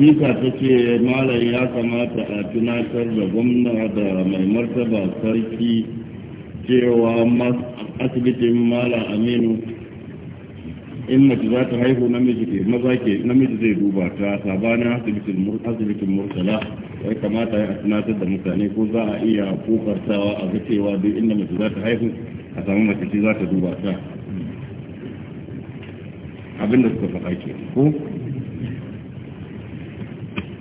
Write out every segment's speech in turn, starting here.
wasiƙa ta ce malam ya kamata a tunatar da gwamna da mai martaba sarki cewa asibitin malam aminu in mace za ta haihu namiji ke maza ke namiji zai duba ta sabanin asibitin asibitin murtala ya kamata ya tunatar da mutane ko za a iya kofartawa a cewa duk inda mace za ta haihu a samu mace ce za ta duba ta abinda suka faɗa ke ko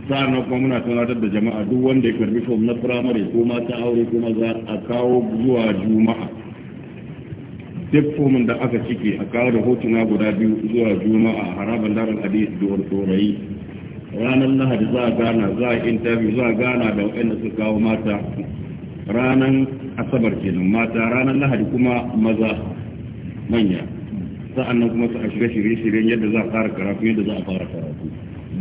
nan kuma muna tunatar da jama'a duk wanda ya karbi fom na firamare ko mata aure ko za a kawo zuwa juma'a duk fomin da aka cike a kawo da hotuna guda biyu zuwa juma'a a harabar daren hadis duwar tsorayi ranar lahadi za a gana za a interview za a gana da waɗanda suka kawo mata ranar asabar kenan mata ranar lahadi kuma maza manya sa'an nan kuma su a shiga shirye-shiryen yadda za a fara karatu yadda za a fara karatu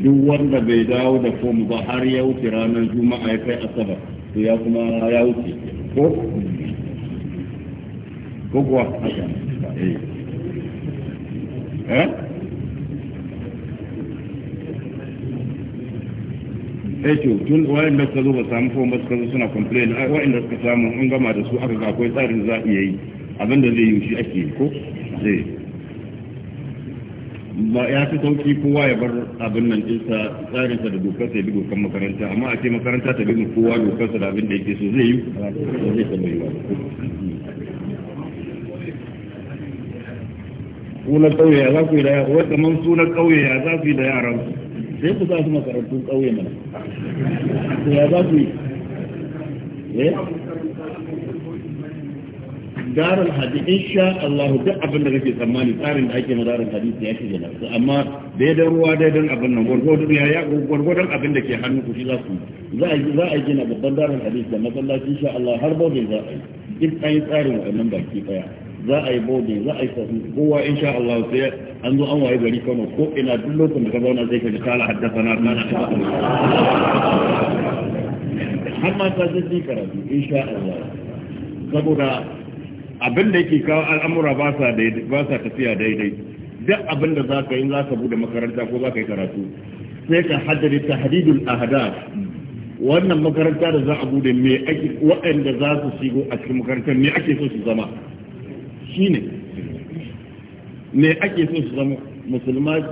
duk wanda bai dawo da fom ba har ya wuce ranar juma'a ya kai asabar to ya kuma ya wuce ko ko kuwa eh eh to tun da suka zo ba samu fom ba suka zo suna complain da suka samu an gama da su aka ga akwai tsarin za a iya yi abinda zai yi shi ake ko zai eh. ya fi sauki kowa ya bar abin nan ɗinsa tsarinsa da dokarsa ya bi dokar makaranta amma a ce makaranta ta bi kowa dokarsa da abin da yake so zai yi zai taɓa yi sunan ƙauye ya za ku yi da yara wata man sunan ƙauye ya za ku yi da yara sai ku sa su makarantun ƙauye mana ya za ku yi eh? darar hadisi insha Allah duk abin da kake tsammani tsarin da ake madarar ke hannu ku a yi babban darar hadisi da masallaci insha Allah har bobin za a yi duk an yi tsarin kowa insha sai an zo an waye gari Kano ko ina duk lokacin zauna sai ka ji kala haddasa na kana karatu insha Allah abin da yake kawo al'amura ba sa ba sa tafiya daidai duk abin da zaka yi za ka bude makaranta ko za ka yi karatu sai ka haddade tahdidul ahada wannan makaranta da za a bude me ake waɗanda za su shigo a cikin makaranta me ake so su zama shine me ake so su zama musulma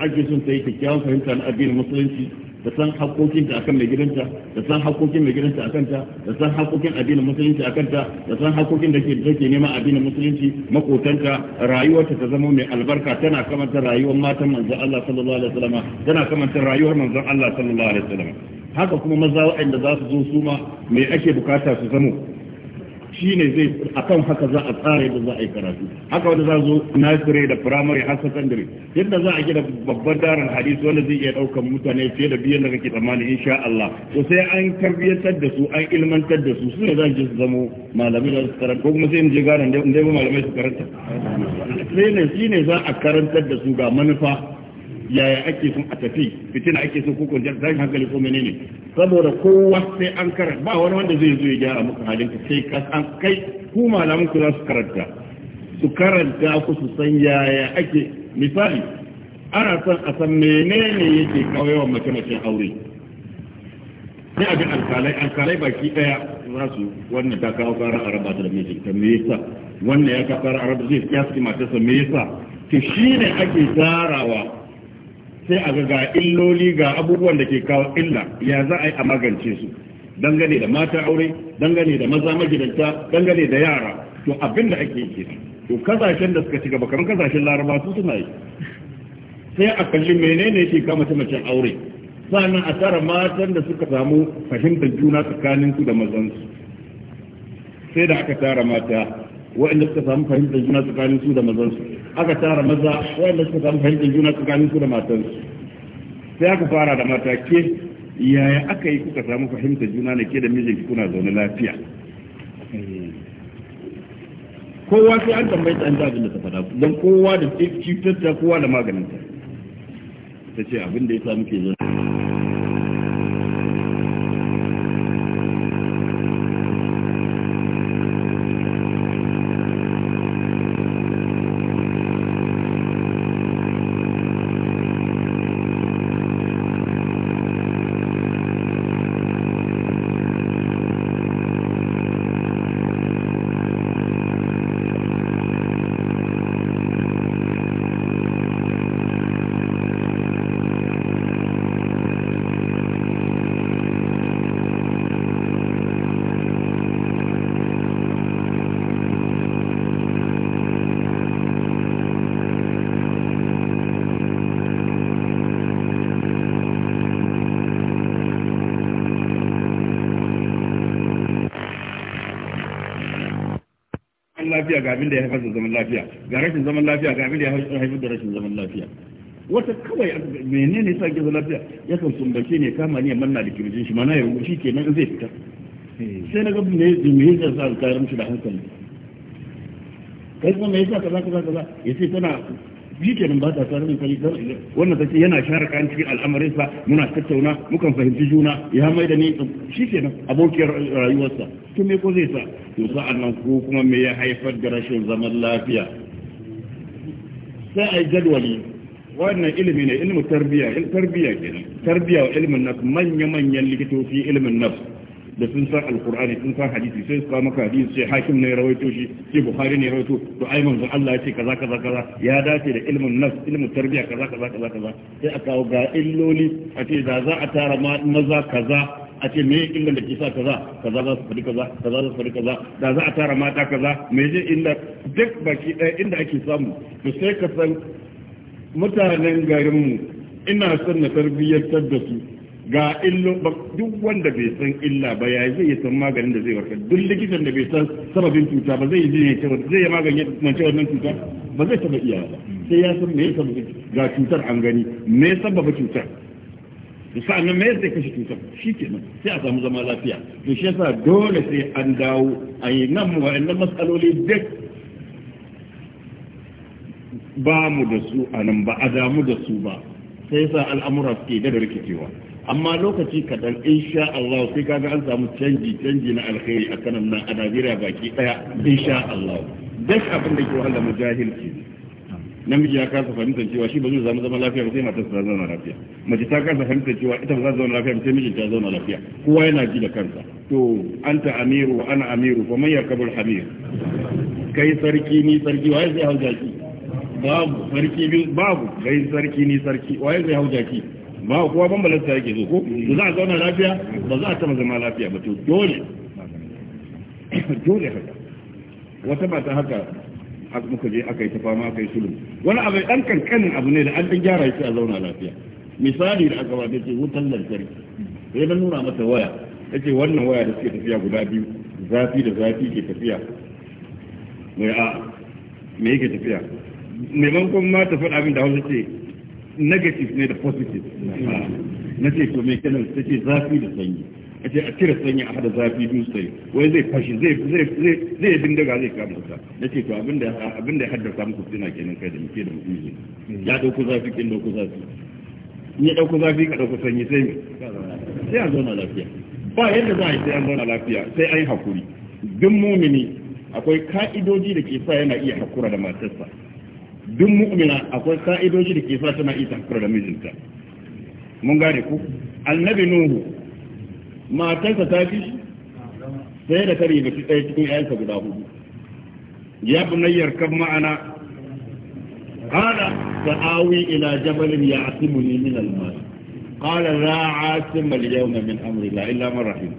ake son ta yi kyakkyawan fahimta na addinin musulunci da san haƙoƙinta akan mai gidanta da san haƙoƙin mai gidanta akan ta da san haƙoƙin addinin musulunci akan ta da san haƙoƙin da ke take nema addinin musulunci makotanta rayuwarta ta zama mai albarka tana kamanta rayuwar matan manzon Allah sallallahu alaihi wasallam tana kamanta rayuwar manzon Allah sallallahu alaihi wasallam haka kuma maza waɗanda za su zo su ma me ake bukata su zamo shi ne zai kan haka za a tsara yadda za a yi karatu haka wanda za zo nasire da firamare har sakandare yadda za a gina babban darin hadisi wanda zai iya ɗaukar mutane fiye da biyan da kake tsammani insha Allah to sai an tarbiyyantar da su an ilmantar da su su ne za su zamo malamai da su karanta ko kuma sai in je gane da malamai su karanta sai ne shi ne za a karantar da su ga manufa yaya ake sun a tafi fitina ake sun kukun tashin hankali ko menene saboda kowa sai an karanta ba wani wanda zai zo ya gyara muku halin ka sai ka an kai ku malamin ku za su karanta su karanta ku su san yaya ake misali ana son a san menene yake kawayawan mace-macen aure sai a bin alkalai alkalai baki daya za su wannan ta kawo karar araba da mijinta me yasa wannan ya kawo karar araba zai ya saki matarsa me yasa to shine ake tsarawa sai a ga illoli ga abubuwan da ke kawo illa ya za a yi a magance su dangane da mata aure dangane da maza magidanta dangane da yara to abin da ake yi to kasashen da suka ci gaba kamar kasashen laraba su suna yi sai a kalli menene ke kama ta macen aure sannan a tara matan da suka samu fahimtar juna tsakanin su da mazansu sai da aka tara mata wa'anda suka samu fahimtar juna tsakanin su da mazansu aka tara maza wa'anda suka samu fahimtar juna tsakanin su da matansu sai aka fara da mata ke yaya aka yi kuka samu fahimtar juna ne ke da mijinki kuna zaune lafiya kowa sai an tambayi ta abin da ta faɗa don kowa da cutar ta kowa da maganin ta ta ce abin da ya samu ke zaune lafiya ga abin da ya haifar da zaman lafiya ga rashin zaman lafiya ga abin da ya haifar da rashin zaman lafiya wata kawai menene yasa ke zaman lafiya ya kan sumbace ne kama ne manna da kirjin shi mana ya ke nan zai fita sai na ne da mai yasa sa ka ramshi da hankali kai kuma mai yasa kaza kaza kaza ce tana ke kenan ba ta tare da kai wannan tace yana share kan cikin al'amarin sa muna tattauna mukan fahimci juna ya mai da ni shi kenan abokiyar rayuwarsa to me ko zai sa to sa'an nan ko kuma me ya haifar da rashin zaman lafiya sai a yi jadwali wannan ilimi ne ilimin tarbiyya tarbiyya kenan tarbiyya wa ilimin nafs manya-manyan likitoci ilimin nafs da sun san alkur'ani sun san hadisi sai su maka hadisi sai hakim ne rawaito shi sai bukhari ne rawaito to ai manzon Allah ya ce kaza kaza kaza ya dace da ilimin nafs ilimin tarbiyya kaza kaza kaza kaza sai a kawo ga illoli a ce da za a tara maza kaza a ce me inganta da kaza kaza za su faɗi kaza kaza za su faɗi kaza da za a tara mata kaza me je inda duk baki ɗaya inda ake samu to sai ka san mutanen garinmu ina son na tarbiyyantar da su ga illo duk wanda bai san illa ba ya zai san maganin da zai warkar duk likitan da bai san sababin cuta ba zai yi zai yi magani mace wannan cuta ba zai taba iya ba sai ya san me ya sababin ga cutar an gani me sababa cutar to sa'annan me zai kashe cutar shi kenan sai a samu zama lafiya to shi yasa dole sai an dawo a yi nan wa'annan matsaloli duk ba mu da su a nan ba a damu da su ba sai yasa al'amura suke da rikicewa amma lokaci kaɗan insha Allah sai kaga an samu canji canji na alkhairi a kanan nan a Najeriya baki ɗaya insha Allah duk abin da ke wahala mujahilci ne namiji ya kasa fahimta cewa shi ba zai zama zama lafiya ba sai matarsa ta zauna lafiya mace ta kasa fahimta cewa ita ba za ta zauna lafiya ba sai mijinta ya zauna lafiya kowa yana ji da kansa to anta amiru wa ana amiru fa man yakabul hamir kai sarki ni sarki waye zai hauja ki babu sarki bi babu kai sarki ni sarki waye zai hauja ki ba kowa bambalanta yake zo ko za a zauna lafiya ba za a taba zama lafiya ba to dole dole haka wata mata haka muka je aka yi ta fama aka yi sulhu wani abu dan kankanin abu ne da an dan gyara shi a zauna lafiya misali da aka wata ce wutan lantarki sai na nuna mata waya yace wannan waya da suke tafiya guda biyu zafi da zafi ke tafiya mai a me yake tafiya maimakon ma ta faɗa min da hausa ce negative ne da positive na ce to me kenan ta ce zafi da sanyi a ce a cire sanyi a hada zafi biyu sai wai zai fashi zai zai zai zai daga zai kama ta nace to abinda abinda ya haddasa muku suna kenan kai da muke da mutum ya dauko zafi kin dauko zafi ni dauko zafi ka dauko sanyi sai me sai a zauna lafiya ba yadda za a yi sai an zauna lafiya sai an yi hakuri duk mumini akwai ka'idoji da ke sa yana iya hakura da matarsa duk mu'mina akwai ka'idoji da ke sa tana iya hakura da mijinta mun gane ku annabi nuhu matarsa ta fi sai da kare ba ɗaya cikin ƴaƴansa guda hudu ya nayyar kan ma'ana qala awi ila jabalin ya'simuni min al-ma qala la 'asima al-yawma min amri la illa man rahim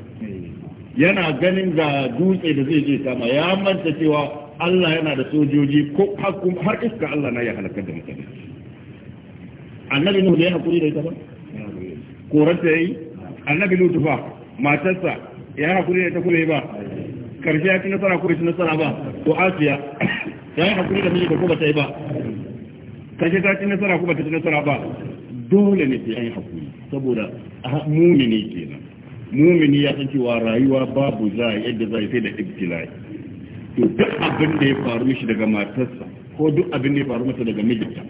yana ganin ga dutse da zai je sama ya manta cewa Allah yana da sojoji ko har iska Allah na ya halakar da mutane annabi nuhu da hakuri da ita ba koranta yayi annabi lutufa matarsa ya hakuri da ta kuma ba karshe ya ci nasara ko ci nasara ba to asiya ya yi hakuri da miji da kuma ta yi ba karshe ta ci nasara kuma ta ci nasara ba dole ne sai an yi hakuri saboda ke nan mumini ya san cewa rayuwa babu za a yadda za a sai da ibtilai to duk abin da ya faru mishi daga matarsa ko duk abin da ya faru mata daga mijinta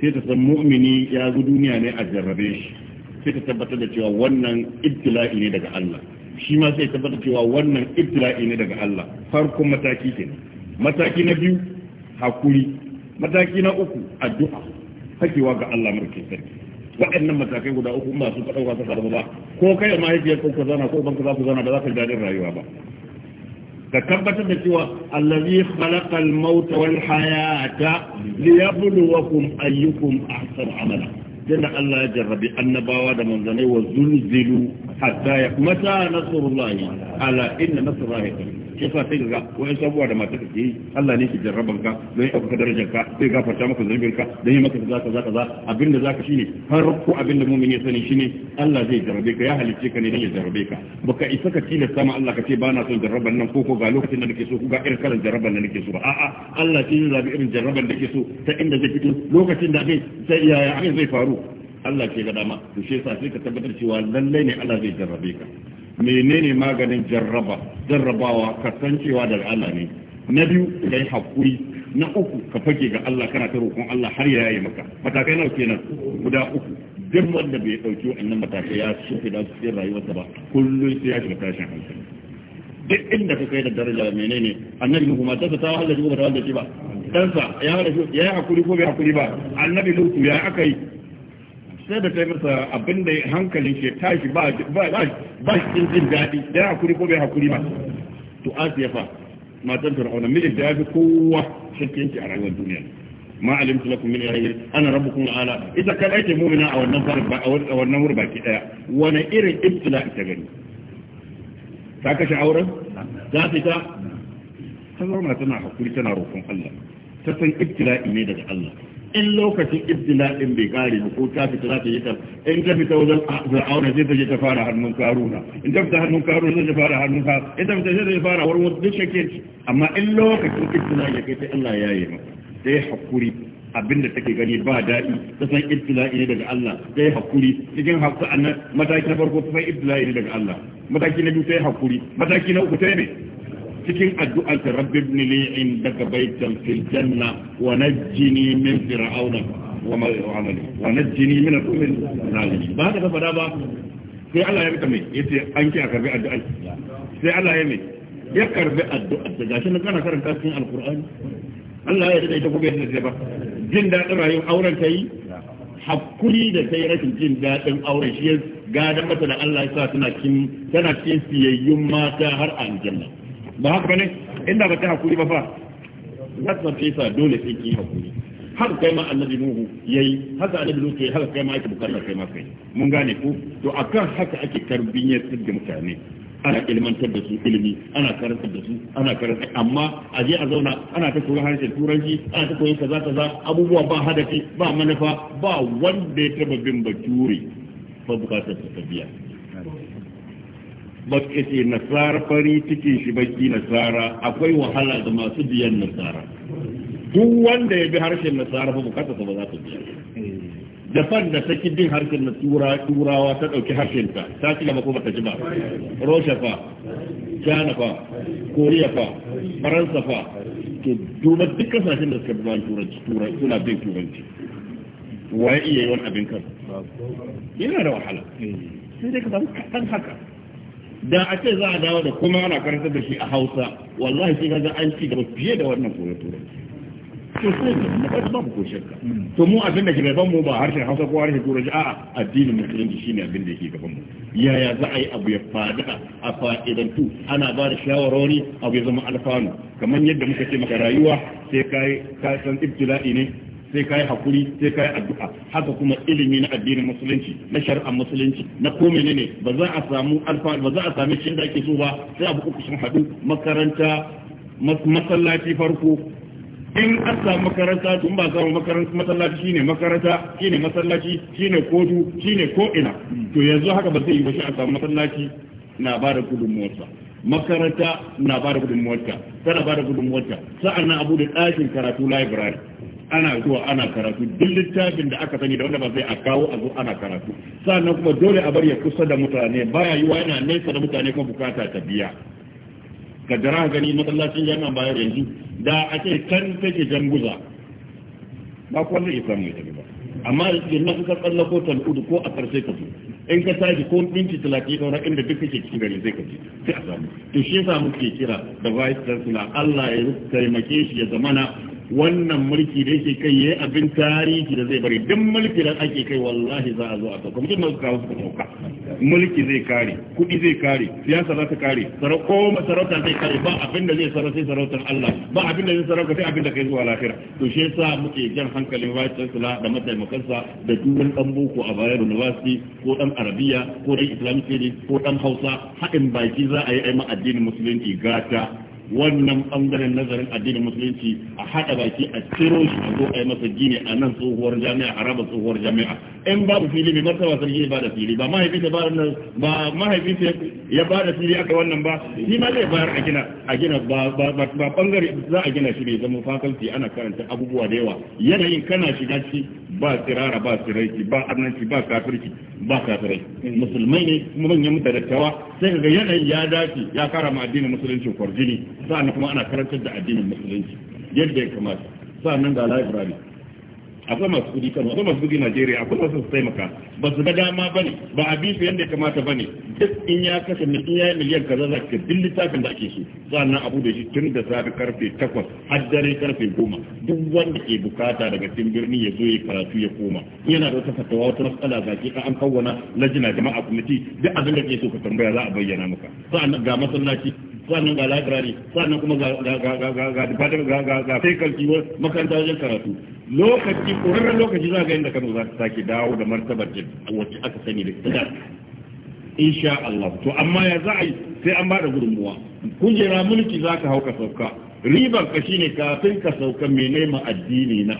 sai ta san mu'mini ya zo duniya ne a jarrabe shi sai ta tabbatar da cewa wannan ibtila'i ne daga Allah shi ma sai tabbatar cewa wannan ibtila'i ne daga Allah farkon mataki ke mataki na biyu hakuri mataki na uku addu'a hakewa ga Allah mulkin sarki waɗannan matakai guda uku ba su faɗa wata karɓa ba ko kai da mahaifiyar ko ka zana ko banka za ku zana ba za ka daɗin rayuwa ba ka tabbatar da cewa allazi khalaqa al-mauta wal hayata liyabluwakum ayyukum ahsanu amala yadda Allah ya jarrabi annabawa da manzanai wa zulzilu hatta ya mata nasrullahi ala inna nasrullahi shi sa sai ga wani sabuwa da mata take yi Allah ne ke jarraban ka don ya ka darajar ka sai gafarta maka zunubin ka dan yi maka kaza kaza kaza abin da zaka shine har ko abin da mu'min ya sani shine Allah zai jarrabe ka ya halicce ka ne don ya jarrabe ka baka isa ka tilasta sama Allah ka ce ba na son jarraban nan ko ko ga lokacin da nake so ko ga irin kalan jarraban da nake so ba a'a Allah shi ne zabi irin jarraban da ke so ta inda zai fito lokacin da zai sai yaya abin zai faru Allah ke ga dama to shi yasa sai ka tabbatar cewa lallai ne Allah zai jarrabe ka menene maganin jarraba jarrabawa cewa daga Allah ne na biyu kai hakuri na uku ka fage ga Allah kana ta roƙon Allah har ya yi maka matakai nawa kenan guda uku duk wanda bai dauki wannan matakai ya shi da cikin rayuwarsa ba kullun sai ya shiga tashin hankali duk inda ka kai da daraja menene annabi kuma ta ta wahala ko ba ta wahala ba dan sa ya ya hakuri ko bai hakuri ba annabi lutu ya akai sai da ta yi masa abin da hankalin shi tashi ba shi jin daɗi ya hakuri ko bai hakuri ba to ya fa matan fir'auna mijin da ya fi kowa shakkiyanci a rayuwar duniya ma alimtu lakum min ilahin ana rabbukum ala ita kan ke mu'mina a wannan ba a wannan wurin baki daya wani irin ibtila ita gani ta kashe auren ta fita ta zauna tana hakuri tana roƙon Allah ta san ibtila'i ne daga Allah in lokacin ibtila'in bai kare ko ta fita za ta yi ta in ta fita wajen fir'auna sai ta ta fara hannun karuna in ta fita hannun karuna sai ta fara hannun ka in ta fita sai ta fara warwar duk shake amma in lokacin ibtila'i ya kai sai Allah ya yi maka sai hakuri abinda take gani ba daɗi ta san ibtila'i daga Allah sai haƙuri cikin hakuri annan mataki na farko ta san daga Allah mataki na biyu sai hakuri mataki na uku cikin addu'ar ta rabbi ibn li daga baytan fil janna wa najjini min fir'auna wa ma yu'amali wa najjini min al-qawmi al-zalimin ba ka fada ba sai Allah ya rika mai yace an ki a karbi addu'ar sai Allah ya mai ya karbi addu'ar da gashi na kana karanta cikin alqur'ani Allah ya rika ita ko bai da ba jin dadin rayuwar auren kai hakuri da sai rashin jin daɗin auren shi gadon mata da Allah ya sa tana cikin siyayyun mata har a aljanna ba haka ne inda ba ta hakuri ba fa za ta sa dole sai ki hakuri har kai ma annabi nuhu yayi haka annabi nuhu yayi haka kai ma ake bukatar kai ma kai mun gane ku to akan haka ake karbiyyar da mutane ana ilmantar da su ilimi ana karantar da su ana karantar amma a je a zauna ana ta koyi harshen turanci ana ta koyi kaza kaza abubuwa ba hadafi ba manufa ba wanda ya taba bin bature ba bukatar tafiya baki ce nasara fari cikin shi baki nasara akwai wahala da masu biyan nasara duk wanda ya bi harshen nasara ba bukata ba za ta biya japan da ta ki bin harshen na turawa ta ɗauki harshen ta ta ci gaba ko ba ta ci ba rosha fa china fa koriya fa faransa fa ke duba duk kasashen da suka bi ban turanci suna bin turanci wa iya yi wani abin kan yana da wahala sai dai ka samu kaɗan haka da a ce za a dawo da kuma ana karanta da shi a hausa wallahi shi ga an ci gaba fiye da wannan turai to sai na ba babu ko shakka to mu abin da ke gaban mu ba harshen hausa ko harshen turanci a'a addinin musulunci shine abin da yake gaban mu yaya za a yi abu ya fada a fa'idantu ana ba da shawarwari abu ya zama alfanu kamar yadda muka ce maka rayuwa sai kai ka san ibtila'i ne sai kai hakuri sai kai addu'a haka kuma ilimi na addinin musulunci na shari'ar musulunci na ko menene ba za a samu alfa ba za a sami shi da ake so ba sai abu uku sun hadu makaranta masallaci farko in an samu makaranta tun ba samu makaranta masallaci shine makaranta shine masallaci shine kotu shine ko ina to yanzu haka ba zai yi ba shi a samu masallaci na ba da gudunmuwarsa makaranta na ba da gudunmuwarta tana ba da gudunmuwarta sa'an nan abu da ɗakin karatu library ana zuwa ana karatu duk littafin da aka sani da wanda ba zai a kawo a zo ana karatu sannan kuma dole a bar ya kusa da mutane baya yiwa yana nesa da mutane kuma bukata ta biya ka jira gani masallacin yana bayar yanzu da a ce can take janguza ba kuwa zai isa mai tafi ba amma yanzu ka tsallako tal'udu ko a karshe ka zo in ka tashi ko minti talatin sauran inda duk kake cikin gari zai kaji sai a samu to shi yasa muke kira da vice chancellor Allah ya taimake shi ya zamana wannan mulki da yake kai yayi abin tarihi da zai bari duk mulki da ake kai wallahi za a zo a sauka mutum na kawo su sauka mulki zai kare kuɗi zai kare siyasa za ta kare sarauko sarauta zai kare ba abin da zai sarauta sai sarautar Allah ba abin da zai sarauta sai abin da kai zuwa lahira to shi yasa muke jan hankalin vice chancellor da mataimakansa da duk dan boko a bayan university ko dan arabiya ko dan islamic ko dan hausa haɗin baki za a yi ai ma addinin musulunci gata wannan bangaren nazarin addinin musulunci a haɗa baki a ciro shi a zo a yi masa gini a nan tsohuwar jami'a a raba tsohuwar jami'a in babu fili mai martaba sarki ya bada fili ba mahaifinsa ba ba mahaifinsa ya bada fili aka wannan ba shi ma zai bayar a gina a gina ba ba bangare za a gina shi ne zama faculty ana karanta abubuwa da yawa yanayin kana shiga ci ba tsirara ba tsiraiki ba annanci ba kafirki ba kafirai musulmai ne kuma manyan mutane sai ga yanayin ya dace ya kara ma addinin musulunci kwarjini sa'annan kuma ana karantar da addinin musulunci yadda ya kamata sa'annan ga library akwai masu kudi kano akwai masu kudi najeriya akwai masu su taimaka ba su ga dama ba ne ba a bi su yadda ya kamata ba ne duk in ya kashe in ya yi miliyan kaza za ka bin littafin da ake so sannan abu da shi tun da safe karfe takwas har dare karfe goma duk wanda ke bukata daga cikin birni ya zo ya karatu ya koma yana da wata fatawa wata matsala za ki an kawwana lajina jama'a kwamiti duk abin da ke so ka tambaya za a bayyana maka sannan ga masallaci sannan ga library sannan kuma ga ga ga ga ga ga ga ga ga ga makaranta ga karatu lokaci ƙurarren lokaci za ga inda kano za ta sake dawo da martabar wacce aka sani da ita insha Allah to amma ya za a yi sai an bada gudunmuwa kujera mulki za ka hau ka sauka ribar ka shine kafin ka sauka mai nema addini na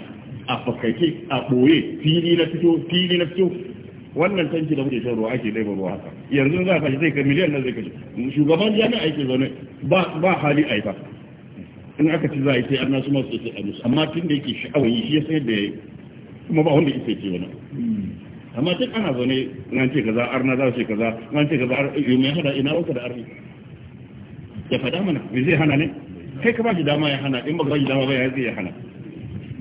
a fakake a ɓoye fili na fito fili na fito wannan tanki da muke shan ruwa ake dai ruwa haka yanzu za ka shi zai ka miliyan na zai ka shugaban jami'a ake zaune ba hali ba. in aka ci za a yi sai arna su masu sai a musu amma tun da yake sha'awar yi shi ya sai da ya kuma ba wanda isa ce wani amma tun ana zaune nan ce kaza arna za su kaza nan ce kaza yi mai hada ina wata da arna ya fada mana me zai hana ne kai ka ba shi dama ya hana in ba ba shi dama ba ya zai ya hana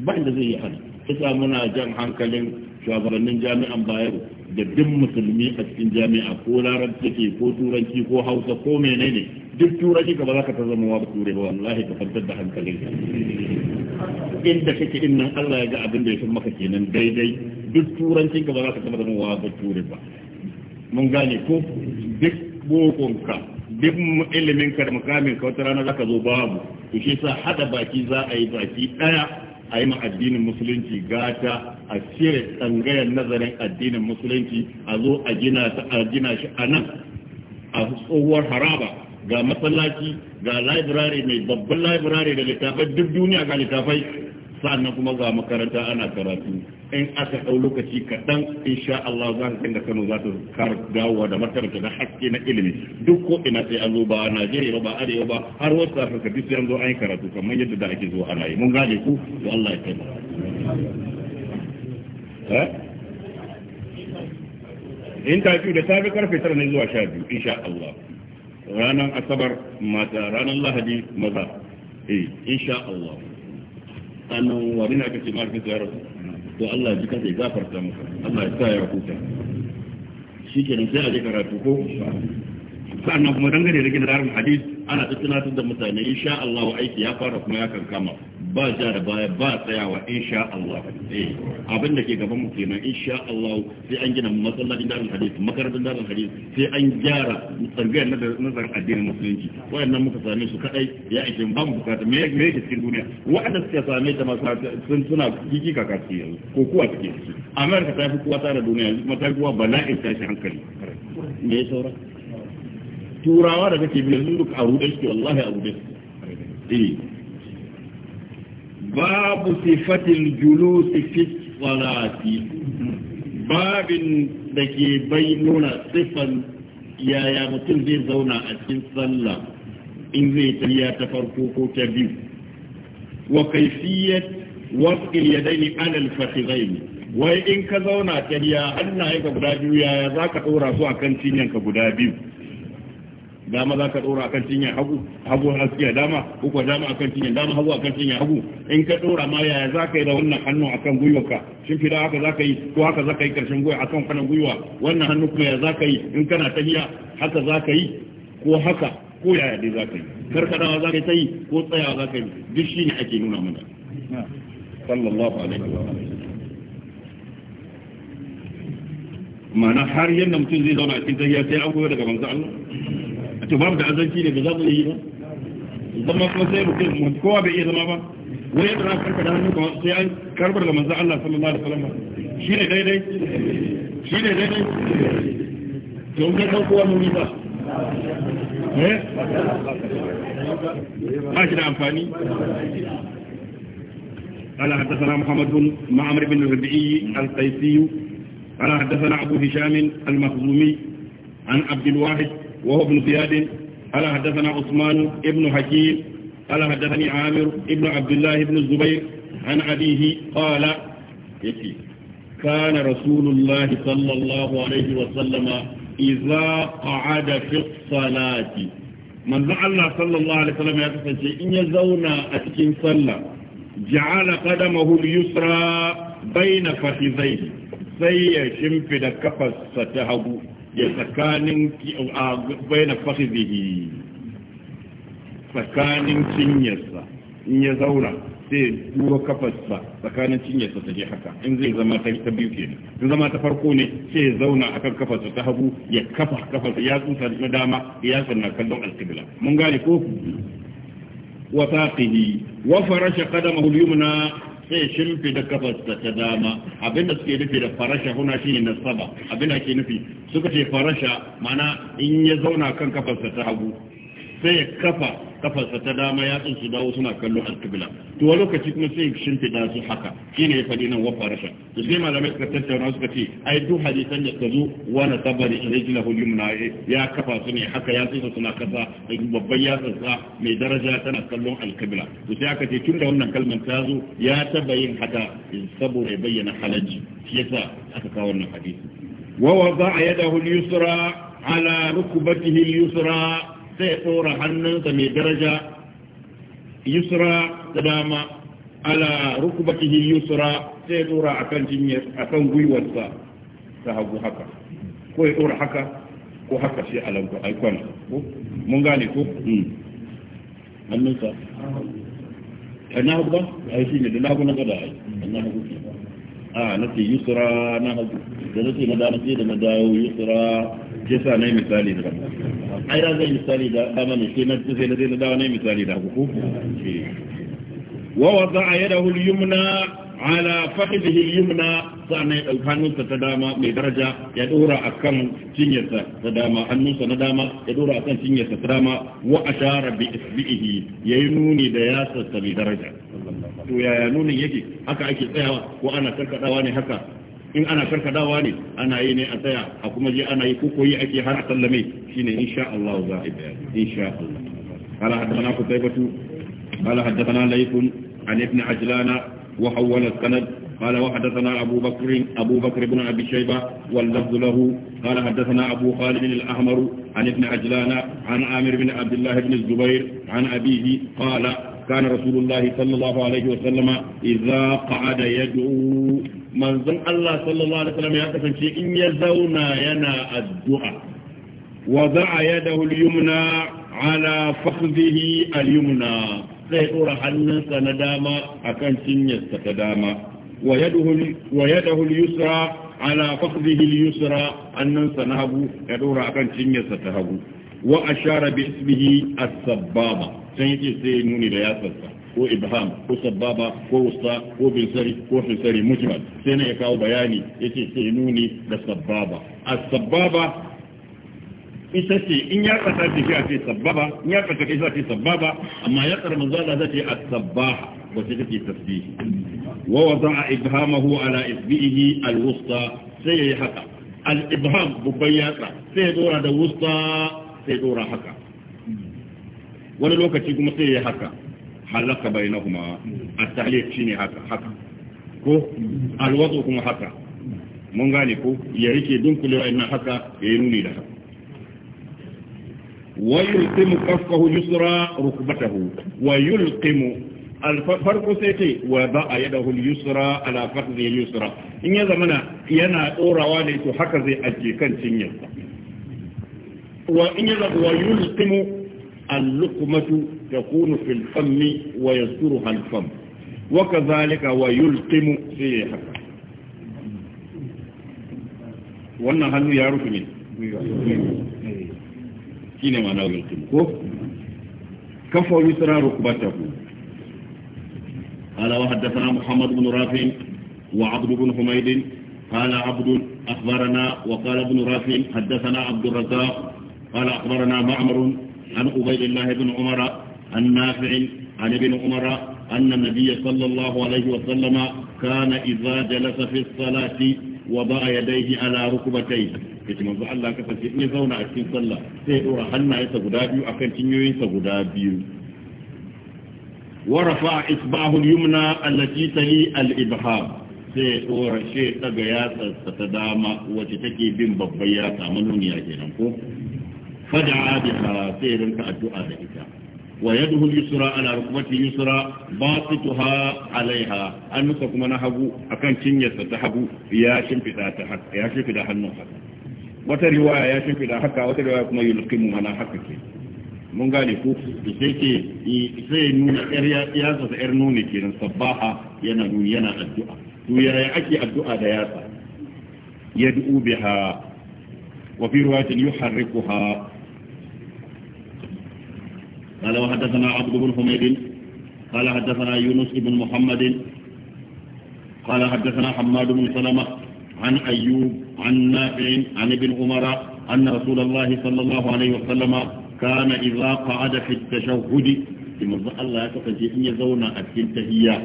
ba inda zai ya hana kisa muna jan hankalin shugabannin jami'an bayero da duk musulmi a cikin jami'a ko larabci ko turanci ko hausa ko menene duk turanci ka ba za ka ta zama wa ture ba wallahi ka fantar da hankalin ka inda kake din nan Allah ya ga abin da ya san maka kenan daidai duk turancin ka ba za ka ta zama wa ba ture ba mun gane ko duk bokon ka duk ilimin ka da mukamin ka wata rana za ka zo babu to shi sa hada baki za a yi baki daya a yi addinin musulunci gata a cire tsangayar nazarin addinin musulunci a zo a gina shi a nan a tsohuwar haraba ga masallaci ga library mai babban library da littafai duk duniya ga littafai sannan kuma ga makaranta ana karatu in aka ɗau lokaci kaɗan insha Allah za ka kinga Kano za ta kara dawowa da makaranta na haske na ilimi duk ko ina sai an zo ba a Najeriya ba Arewa ba har wasu Afirka duk sai an zo an yi karatu kamar yadda da ake zo ana yi mun gane ku to Allah ya kai eh interview da safe karfe tara ne zuwa biyu insha Allah ranar asabar mata ranar lahadi maza eh insha Allah annan wani na kace marfi ya rasu to Allah ya ji kansa ya gafarta maka Allah ya sa ya shi shikenan sai a je karatu ko sannan kuma dangane da gidan hadis ana ta tunatar da mutane insha Allah aiki ya fara kuma ya kankama ba ja da baya ba tsayawa insha Allah eh abin da ke gaban mu kenan insha Allah sai an gina masallacin darul hadith makarantar darul hadith sai an gyara tsangayar nazarin addinin musulunci wayannan muka same su kadai ya mu bukata me me yake cikin duniya wanda suka same ta masu sun suna kaka yanzu ko kuwa take ciki America ta fi kuwa tare duniya kuma ta kuwa bala'in tashi hankali me saura turawa da kake biyan duk a rude wallahi a rude eh babu sifatin julusi fi salati babin da ke bai nuna sifan yaya mutum zai zauna a cikin sallah in zai tafiya ta farko ko ta biyu wa kaifiyat wasqil yadaini ala al-fakhidain wai in ka zauna tafiya hannaye ka guda biyu yaya zaka dora su akan cinyanka guda biyu dama za ka ɗora akan cinyar hagu hagu askiya dama uku dama akan cinyar dama hagu akan cinyar hagu in ka ɗora ma yaya za ka yi da wannan hannu akan gwiwarka shin fi da haka za ka yi ko haka za ka yi ƙarshen gwiwa akan kanan gwiwa wannan hannu kuma ya za ka yi in kana tahiya haka za ka yi ko haka ko yaya dai za ka yi dawa za ka yi ta yi ko tsayawa za ka yi duk shi ne ake nuna mana sallallahu alaihi wa ma'ana har yadda mutum zai zauna a cikin tahiya sai an goyo daga manzo Allah to babu da azanci ne ba za mu yi ba zama kuma sai mutum kowa bai iya zama ba wani yadda za karka da hannu ba sai an karbar da manzan Allah sallallahu alaihi wasallam shi ne daidai shi ne daidai to ga kan kowa mun ba eh ba shi da amfani قال حدثنا محمد بن معمر بن الربيعي القيسي قال حدثنا أبو هشام المخزومي عن عبد الواحد وهو ابن زياد قال حدثنا عثمان ابن حكيم قال حدثني عامر ابن عبد الله بن الزبير عن أبيه قال يكي كان رسول الله صلى الله عليه وسلم إذا قعد في الصلاة من الله صلى الله عليه وسلم يقول إن يزونا أتكين صلى جعل قدمه اليسرى بين فخذيه sai ya shimfida kafarsa ta hagu ya tsakanin a bayan fahizihi tsakanin cinyarsa in ya zaura sai duro kafarsa tsakanin cinyarsa ta je haka in zai zama ta biyu ke in zama ta farko ne sai ya zauna akan kafarsa ta hagu ya kafa kafarsa ya tsusa na dama ya sanna kallon alkibila mun gane ko wasaqihi wa farasha qadamahu al-yumna sai shimfi da da ta dama abinda suke nufi da farasha huna ne nasaba abinda ke nufi suka ce farasha mana in ya zauna kan da ta hagu sai ya kafa kafarsa ta dama ya su dawo suna kallo alkibla to wani lokaci kuma sai shimfida su haka shine ya faɗi nan wafa rasha to sai malamai suka tattauna suka ce ai duk hadisan da ka zo wani sabari in rajila hujum eh, ya kafa su ne haka ya su suna kasa babban ya tsatsa mai daraja tana kallon alkibla to sai aka ce tun da wannan kalmar ta zo ya taba yin haka saboda ya bayyana halacci shi yasa aka kawo wannan hadisi wa wada'a yadahu al-yusra ala rukbatihi al-yusra sai ya ɗora hannunsa mai daraja yusra da dama ala rukubatihi yusra sai ya ɗora akan jinyar akan gwiwarsa ta hagu haka ko ya ɗora haka ko haka shi a lagu aikon mun gane ko hmm. hannunsa na hagu ba a yi shine da na hagu na gada a yi na hagu a na ce yusra na hagu da na ce na dama na ce da na dawo yusra shi sa na yi misali da ai da zai misali da dama ne sai na sai na zai na dawa na yi misali da hukuku wa wada yadahu al-yumna ala fakhidhihi al-yumna sanai hannunsa ta dama mai daraja ya dora akan cinyarsa ta dama hannunsa na dama ya dora akan cinyarsa ta dama wa ashara bi isbihi yayi nuni da yasa ta mai daraja to yaya nunin yake haka ake tsayawa ko ana karkadawa ne haka in ana karkadawa ne ana yi ne a tsaya a kuma je ana yi ko yi ake har a sallame shine insha Allah za a yi bayani insha Allah qala haddathana qutaybatu an ibn ajlana wa sanad قال وحدثنا أبو بكر أبو بكر بن أبي شيبة واللفظ له قال حدثنا أبو خالد الأحمر عن ابن عجلان عن عامر بن عبد الله بن الزبير عن أبيه قال كان رسول الله صلى الله عليه وسلم إذا قعد يدعو manzon Allah sallallahu alaihi wasallam ya kasance in ya zauna yana addu'a wa za'a yadahu al-yumna ala fakhdihi al-yumna sai dora hannunsa na dama akan cinyarsa ta dama wa yadahu wa yadahu al-yusra ala fakhdihi al-yusra hannunsa na hagu ya dora akan cinyarsa ta hagu wa ashara bi ismihi as-sabbaba sai yake sai nuni da yasarsa ko ibham ko sababa ko wusta ko binsari ko fisari mujmal sai na ya kawo bayani yace sai nuni da sababa a sababa ita ce in ya tsaka ta a ce sababa in ya tsaka a ce sababa amma ya tsara manzo ta zai a sababa wace take tasbihi wa a ibhamahu ala isbihi al-wusta sai yi haka al-ibham babban yatsa sai ya dora da wusta sai ya dora haka wani lokaci kuma sai ya yi haka halaka bainahuma at-tahliq shine haka haka ko alwadu kuma haka mun ko ya rike dunkule wa innan haka ya yi nuni da haka wa yulqimu kaffahu yusra rukbatahu wa yulqimu alfarqu sayti wa da'a yadahu al-yusra ala yusra in ya zamana yana dorawa ne to haka zai aje kan cinyar wa wa yulqimu al-luqmatu تكون في الفم ويذكرها الفم وكذلك ويلقم فيها وانا هل يعرف من كين ما نقول لكم كف يسرى ركبته قال وحدثنا محمد بن رافع وعبد بن حميد قال عبد اخبرنا وقال ابن رافع حدثنا عبد الرزاق قال اخبرنا معمر عن عبيد الله بن عمر عن نافع عن ابن عمر أن النبي صلى الله عليه وسلم كان إذا جلس في الصلاة وضع يديه على ركبتيه yace manzo Allah ka sace in zauna a cikin sallah sai dora hannayensa guda biyu akan cinyoyinsa guda biyu wa rafa'a isbahu al-yumna allati tali al-ibham sai dora she daga yatsarsa ta dama wacce take bin babbar yatsa manuniya kenan ko fada'a biha sai rinka addu'a da ita ويده اليسرى على ركبته اليسرى باسطها عليها أنك كما نحبو أكان تنية تحبو يا شمفدا تحك يا شمفدا حنوحك وترواية يا شمفدا حكا وترواية كما يلقمها نحكك mun gane ko da sai ke sai nuna yar yatsa da yar nuni kenan sabbaha yana nuni yana addu'a to ya ake addu'a da yatsa yad'u biha wa fi riwayatin yuharrikuha قال وحدثنا عبد بن حميد قال حدثنا يونس بن محمد قال حدثنا حماد بن سلمة عن أيوب عن نافع عن ابن عمر أن رسول الله صلى الله عليه وسلم كان إذا قعد في التشهد في مرضى الله يتقن في أن يزونا التنتهية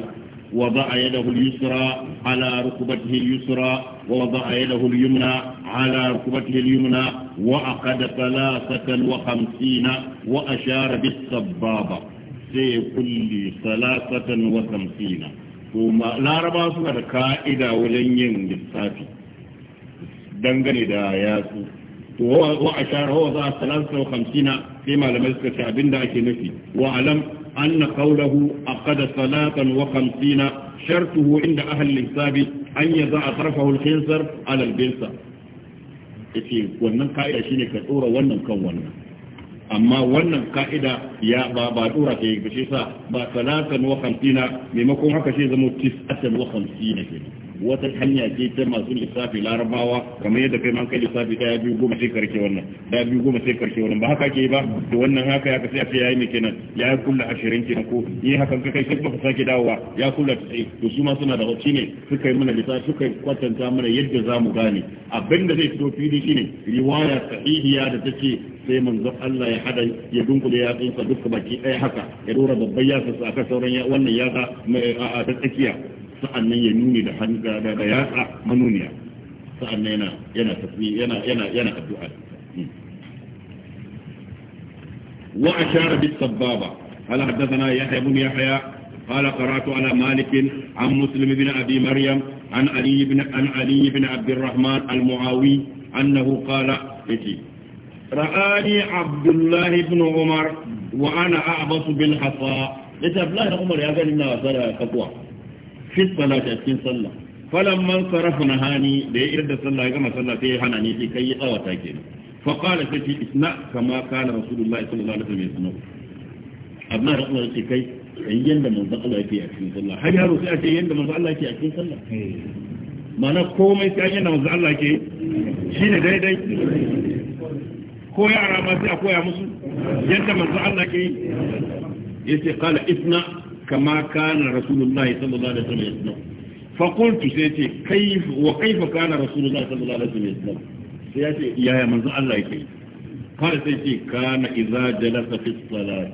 وضع يده اليسرى على ركبته اليسرى ووضع يده اليمنى على ركبته اليمنى وعقد ثلاثة وخمسين وأشار بالسبابة في كل ثلاثة وخمسين ثم لا ربا سورة كائدة ولين بالسافي دنگن دا ياسو وأشار هو ثلاثة وخمسين فيما لم يسكت شعبين دا أشي نفي وعلم أن قوله أقد صلاة وخمسين شرطه عند أهل الحساب أن يضع طرفه الخنصر على البنصر ce wannan ka'ida shine ka tsora wannan kan wannan amma wannan ka'ida ya ba ba tsora ta yi ba shi sa ba salatan wa maimakon haka shi zama tis'atan wa khamsina kenan wata hanya ce ta masu lissafi larabawa kamar yadda kai ma kai lissafi ta biyu goma sai karke wannan da biyu goma sai karke wannan ba haka ke ba to wannan haka ya kace ya yi ne kenan ya kulla ashirin kenan ko yi eh, hakan ka kai sai baka sake dawowa ya kulla tsaye to su ma suna da wacce ne suka yi mana lissafi suka kwatanta mana yadda za mu gane abin da zai fito fili shine riwaya sahihiya da take sai manzo Allah ya hada ya dunkule ya tsinsa duka baki ɗaya haka ya dora babban yasa a aka sauran wannan yasa a ta tsakiya sa'annan ya nuni da hannu da da yatsa manuniya sa'annan yana yana tafi yana yana yana addu'a wa ashara bis sababa qala hadathana yahya ibn yahya قال قرأت على مالك عن مسلم بن أبي مريم عن علي بن, عن علي بن عبد الرحمن المعاوي أنه قال إتي رآني عبد الله بن عمر وأنا أعبص بالحصى إذا عبد الله بن عمر يا قال إنها سنة fi salati a cikin sallah falan man na hani da ya irda sallah ya gama sallah sai ya hana ni sai kai ya tsawata ke fa qala isna kama kana rasulullahi sallallahu alaihi wasallam abna rasulullahi sai kai yanda manzo Allah yake a cikin sallah har yaro sai a ce yanda manzo Allah yake a cikin sallah mana komai sai yanda manzo Allah yake shine daidai ko yara ma sai a koya musu yanda manzo Allah yake yace qala isna kama kana rasulullahi sallallahu alaihi wasallam yasna fa qultu sai ce kayf wa kayfa kana rasulullahi sallallahu alaihi wasallam yasna sai ya ce yaya manzo Allah yake har sai ce kana idza jalasa fi salat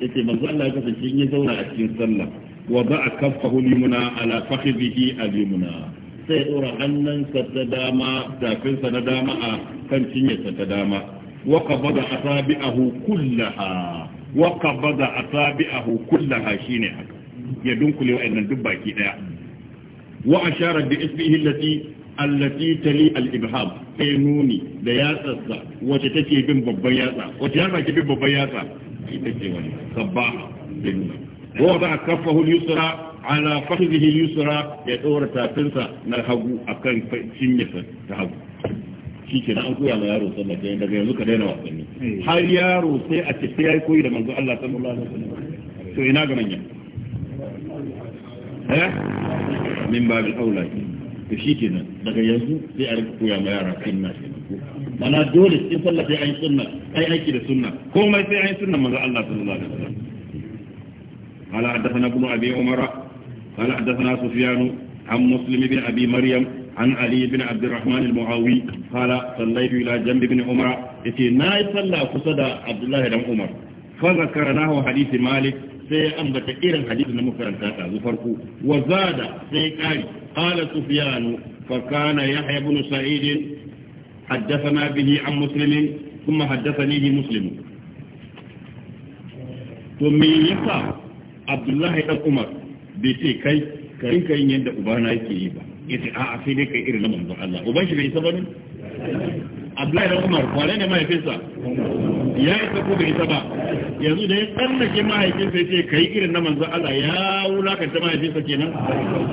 yace manzo Allah ya kasance in ya zauna a cikin sallah wa ba'a kaffahu limuna ala fakhidhihi al-yumna sai dora hannunsa ta dama tafinsa na dama a kan cinyarsa ta dama wa qabada asabi'ahu kullaha a wa qabada asabi'ahu kullaha ne haka ya dunkule wa'annan duk baki ɗaya wa ashara bi isbihi lati allati tali al-ibham sai nuni da yatsarsa wace take bin babban yatsa wace yatsa ke bin babban yatsa ita ce wani sabaha bin wa ba kaffahu al-yusra ala fakhidhihi al-yusra ya ɗora tafinsa na hagu akan cinyarsa ta hagu shi ke na an koya ma yaro sallah kai daga yanzu ka daina wasanni eh. har yaro sai a tafi ya koyi da manzo Allah sallallahu alaihi wasallam to ina ga manya eh min ba babil aula to shi ke nan daga yanzu sai a rika koya ma yara sunna mana dole sai sallah sai an sunna ai aiki da sunna komai sai an sunna manzo Allah sallallahu alaihi wasallam قال حدثنا ابن ابي عمر قال حدثنا سفيان عن مسلم بن ابي مريم عن علي بن عبد الرحمن المعاوي قال صليت إلى جنب بن عمر يتي ناي صلى قصد عبد الله بن عمر فذكر نحو حديث مالك سي أنبت إيران حديث نمكرا تاتا ظفركو وزاد سي قال قال سفيان فكان يحيى بن سعيد حدثنا به عن مسلم ثم حدثنيه مسلم ثم يسا عبد الله بن عمر بيتي كي كي كي يند أبانا يكي إيبا yace a a sai kai irin na Allah uban bai Abdullahi da Umar kware ne mahaifinsa ya isa ko bai isa ba yanzu da ya tsallake mahaifinsa kai irin na Allah ya wulakanta mahaifinsa kenan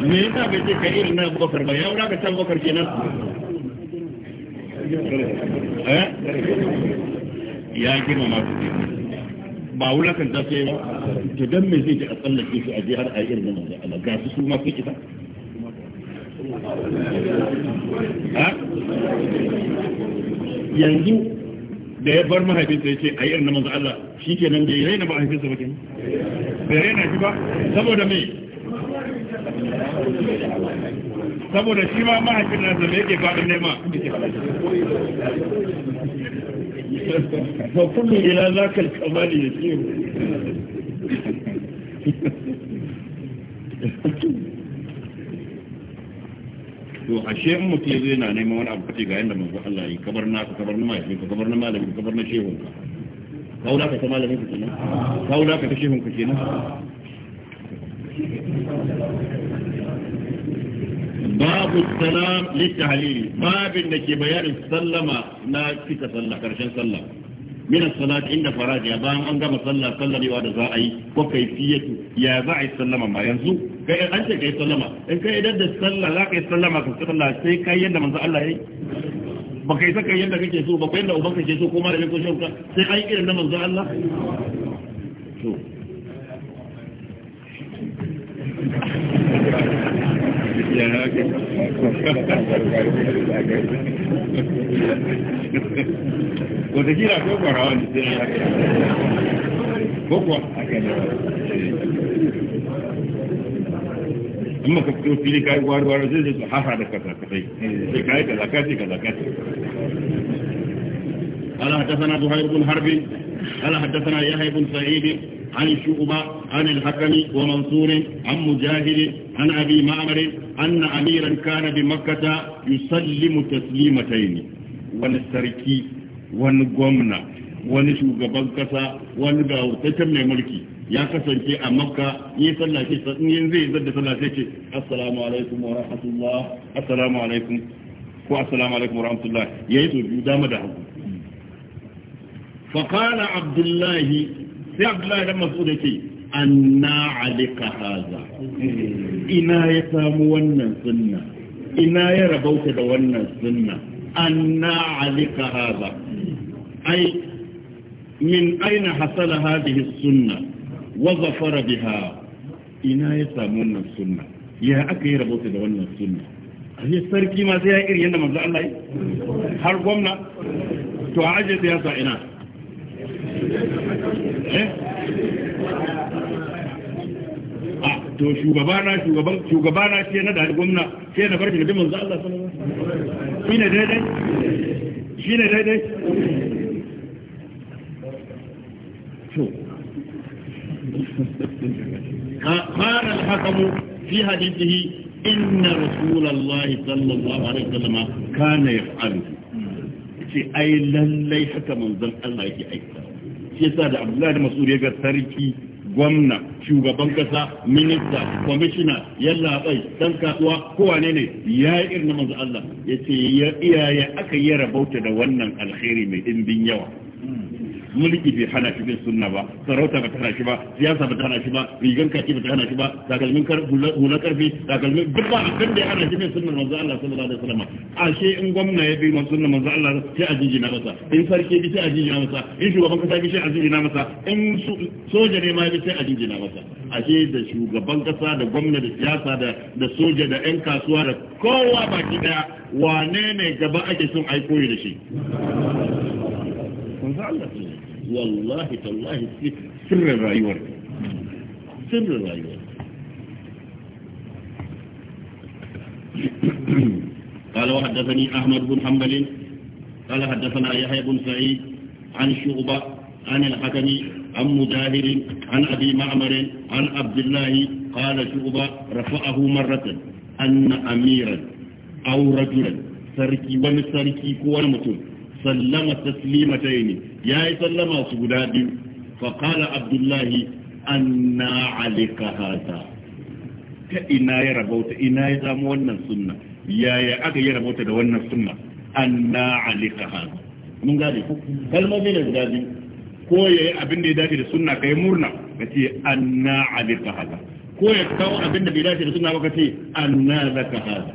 me yasa bai ce kai irin na ba ya wulakanta Abubakar kenan eh? ya girma masu ba ba dan me zai ji a tsallake shi a jihar a irin da Allah ga su ma fi kita yanzu da ya bar mahaifinsa ya ce a yi irin na manzo Allah shi ke nan da ya raina mahaifinsa bakin bai raina shi ba saboda mai saboda shi ma mahaifin nasa da yake faɗin nema ba kullum ila za ka kamali ya ce to ashe in mutum ya zo yana neman wani abu kace ga yanda manzo Allah yi kabar na ka kabar na mai ka kabar na malami kabar na shehu ka kaula ka ta malamin ka kenan kaula ka ta shehun ka kenan باب السلام للتحليل باب انك بيان السلمة لا تكسل كرشان سلمة min as-salat inda faradiya bayan an gama sallah sallamewa da za a yi ko kaifiyatu ya za a yi ma yanzu kai an ce kai sallama in kai idan da sallah za ka yi sallah sai kai yadda manzo Allah yayi ba kai saka yadda kake so ba kai yadda ubanka ke so ko malamin ko shauka sai ai irin na manzo Allah wata kila ko kwara wani sai ya kai ko kuwa a kai amma ka fito fili kai gwar-gwar zai zai su hafa da kasa kasai sai kai kaza kasi kaza kasi قال حدثنا زهير بن حرب قال حدثنا يحيى بن سعيد عن الشعبة عن الحكم ومنصور عن مجاهد عن أبي معمر أن أميرا كان بمكة يسلم تسليمتين والسركي wani gwamna wani shugaban kasa wani wutaccen mai mulki ya kasance a makka yi sallah ce in zai zadda sallah sai ce assalamu alaikum wa rahmatullah assalamu alaikum ko assalamu alaikum wa rahmatullah ya yi biyu dama da hagu fa abdullahi sai abdullahi dan mas'ud yake anna alika haza ina ya samu wannan sunna ina ya rabauta da wannan sunna anna alika haza أي من أين حصل هذه السنة وظفر بها إنا يسامون السنة يا أكي ربوت دولنا السنة هي السركي ما سيها إري أنا مبزع الله هل تعجز يا سائنا to shugabana shugaban shugabana ce na da gwamna ce na farki da manzo Allah sallallahu alaihi wasallam ne daidai shi ne daidai قال الحكم في حديثه إن رسول الله صلى الله عليه وسلم كان يفعله ce ai lallai haka manzon Allah yake aika yasa da Abdullahi da Mas'ud ya ga sarki gwamna shugaban kasa minista kwamishina yalla bai dan kasuwa kowane ne ya yi irin manzon Allah yace ya iyaye aka yi rabauta da wannan alkhairi mai dimbin yawa mulki bai hana shi bin sunna ba sarauta ba ta hana shi ba siyasa ba ta hana shi ba rigan kaki ba ta hana shi ba takalmin hula karfi takalmin duk ba abin da ya hana shi bin sunna manzo Allah sallallahu alaihi wasallam ashe in gwamna ya bi sunna manzo Allah sai a jijina masa in sarki bi sai a na masa in shugaban kasa bi sai a jijina masa in soja ne ma bi sai a na masa ashe da shugaban kasa da gwamna da siyasa da da soja da yan kasuwa da kowa baki daya wane ne gaba ake son aiko da shi manzo Allah والله تالله سر الرأيوان سر الرأيوان قال وحدثني أحمد بن حنبل قال حدثنا يحيى بن سعيد عن شعبة عن الحكم عن مجاهر عن أبي معمر عن عبد الله قال شعبة رفعه مرة أن أميرا أو رجلا سركي ومسركي كون متون sallama ta ya yayi sallama su guda biyu fa abdullahi anna alika hada ta ina ya rabauta ina ya zama wannan sunna yaya aka yi rabauta da wannan sunna anna alika hada mun gane ku kalmomi ne guda biyu ko yayi abin da ya dace da sunna kai murna kace anna alika hada ko ya kawo abin da bai dace da sunna ba kace anna zaka hada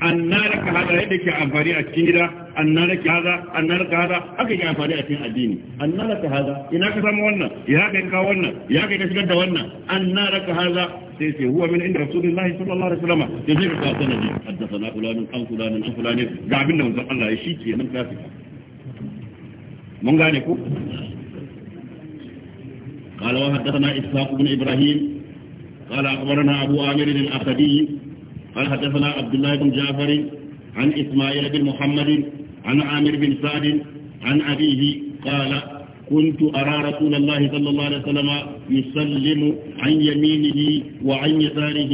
annara ka hada yadda ke amfani a cikin gida annara ka hada annara ka hada haka ke amfani a cikin addini annara ka hada ina ka samu wannan ya ka ka wannan ya ka ka shigar da wannan annara ka hada sai sai huwa min inda rasulullahi sallallahu alaihi wasallam ya zai ka sanadi haddathana fulanin an fulanin an fulanin ga abin da manzon Allah ya shi ke nan kafi mun gane ku قال وحدثنا إسحاق بن إبراهيم قال أخبرنا أبو عامر الأخدي قال حدثنا عبد الله بن جعفر عن إسماعيل بن محمد عن عامر بن سعد عن أبيه قال كنت أرى رسول الله صلى الله عليه وسلم يسلم عن يمينه وعن يساره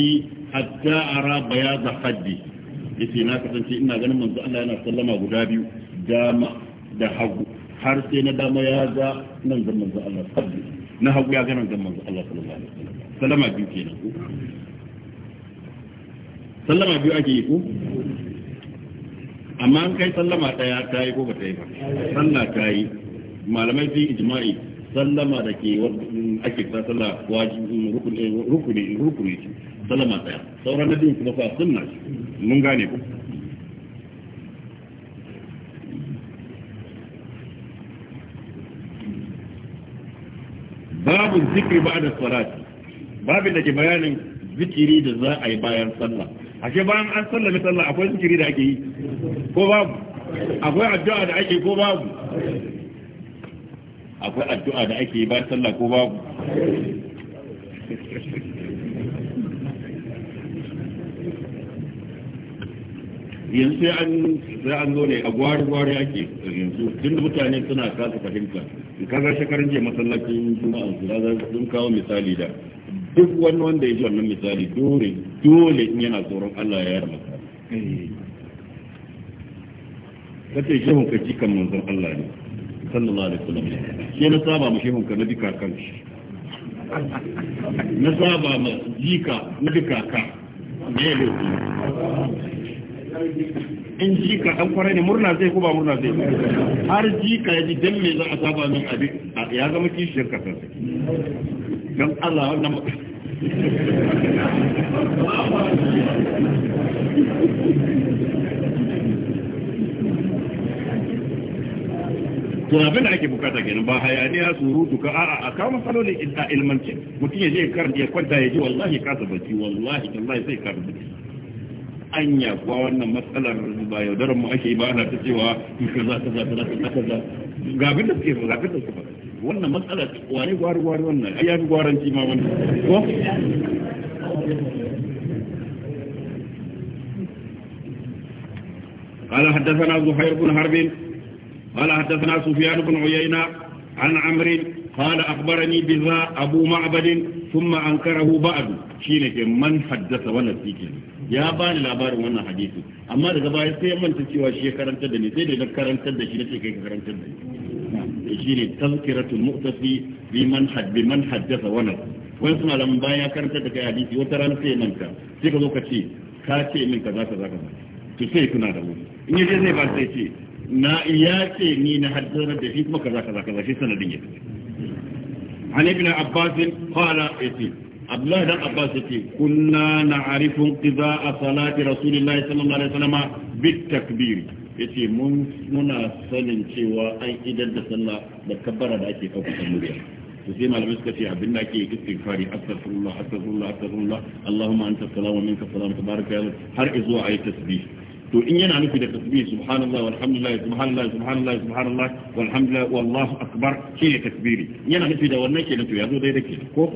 حتى أرى بياض حده yace na kasance ina ganin manzo Allah yana sallama guda biyu dama da hagu har sai na dama ya ga nan da manzo Allah ya ga nan da biyu kenan sallama biyu ake yi ko amma an kai sallama daya ta yi ko ba ta yi ba sallah ta yi malamai sun ijma'i sallama da ke ake kira sallah wajibi rukuni rukuni sallama daya sauran da din kuma fa sunna mun gane ko babu zikri ba'da salati babin da ke bayanin zikiri da za a yi bayan sallah ashe bayan an sallame sallah akwai zikiri da ake yi ko babu akwai addu'a da ake ko babu akwai addu'a da ake yi bayan sallah ko babu yanzu an sai an zo ne a gwari-gwari ake yanzu tun da mutane suna kasa fahimta in kaga shekarun je masallacin juma'a su kaga sun kawo misali da duk wani wanda ya ji wannan misali dole dole in yana tsoron Allah ya yarda masa kace shi shehun kaji kan manzon Allah ne sallallahu alaihi wasallam shi na saba mu shehun ka na dika kan shi na saba mu jika na dika ka ne ne in jika an kware ne murna zai ko ba murna zai har jika ya ji dan me za a saba min abin ya ga miki shirka kasar don Allah wannan to abin da ake bukata kenan ba hayaniya surutu ka a'a a kawo matsalolin mutum ya je karanta ya kwanta ya ji wallahi kasa bacci wallahi karanta wannan matsalar ba yaudaran mu ake ba ana ta cewa kaza kaza kaza kaza ga abin da suke ga abin da suke wannan matsala wane gwari gwari wannan ai ya fi gwaran ma wannan ko قال حدثنا زهير بن حرب قال حدثنا سفيان بن عيينة عن عمرو قال أخبرني بذا أبو معبد ثم أنكره بعد شينك من حدث ولا ya يا بان wannan hadisi amma daga baya sai ya manta cewa shi ya karanta da ni sai da na karanta da shine tazkiratul mu'tasi biman hadd biman wani suna lamun bayan ya karanta da kai hadisi wata rana sai manta sai ka zo ka ce ka ce min to sai da mu in yaje zai ba sai ce na ya ce ni na haddara da shi kuma kaza kaza shi sanadin ya عن ابن عباس قال عبد الله بن عباس كنا نعرف انقضاء صلاة رسول الله صلى الله عليه وسلم بالتكبير yace mun muna sanin cewa an idan da sallah da kabbara da ake kafa ta murya to sai malamai suka ce abin da ake istighfari astaghfirullah astaghfirullah astaghfirullah allahumma anta salamu minka salamu tabaraka ya har izuwa ayi tasbih to in yana nufi da tasbih subhanallah walhamdulillah subhanallah subhanallah subhanallah walhamdulillah wallahu akbar shi ne takbiri yana nufi da wannan kenan to yazo dai dake ko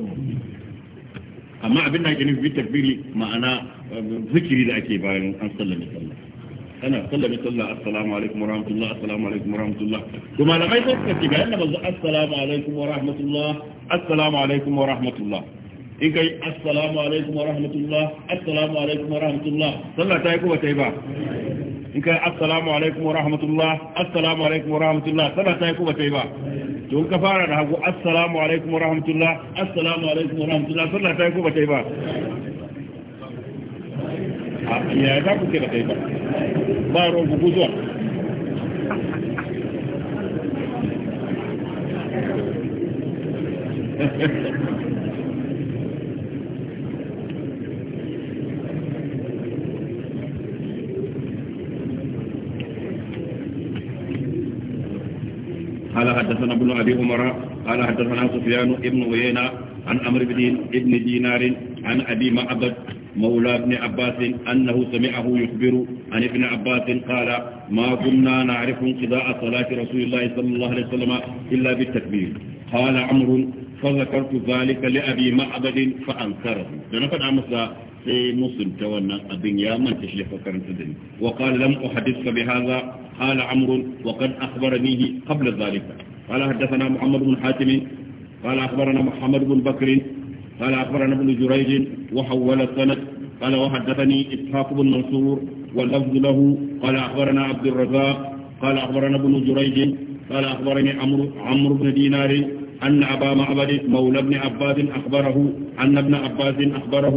amma abin da ake nufi takbiri ma'ana eh, zikiri da ake bayan an sallame sallah ana sallami sallah assalamu alaikum warahmatullah assalamu alaikum warahmatullah to malamai sai suka ce ga yanda manzo assalamu alaikum warahmatullah assalamu alaikum warahmatullah in kai assalamu alaikum warahmatullah assalamu alaikum warahmatullah sallah ta yi ko ta yi ba in kai assalamu alaikum warahmatullah assalamu alaikum warahmatullah sallah ta yi ko ta yi ba to ka fara da hagu assalamu alaikum warahmatullah assalamu alaikum warahmatullah sallah ta yi ko ta yi ba ya قال حدثنا ابن ابي عمر قال حدثنا سفيان ابن عيينه عن أمر بن ابن دينار عن ابي معبد مولى ابن عباس أنه سمعه يخبر عن ابن عباس قال ما كنا نعرف انقضاء صلاة رسول الله صلى الله عليه وسلم إلا بالتكبير قال عمر فذكرت ذلك لأبي معبد فأنكره فنفد عمسى سي مسلم تونا الدنيا من تشلف الدنيا وقال لم أحدثك بهذا قال عمر وقد اخبرني قبل ذلك قال حدثنا محمد بن حاتم قال أخبرنا محمد بن بكر قال أخبرنا ابن جريج وحول السند قال وحدثني إسحاق بن منصور واللفظ له قال أخبرنا عبد الرزاق قال أخبرنا ابن جريج قال أخبرني عمرو عمرو بن دينار أن أبا معبد مولى ابن عباس أخبره أن ابن عباس أخبره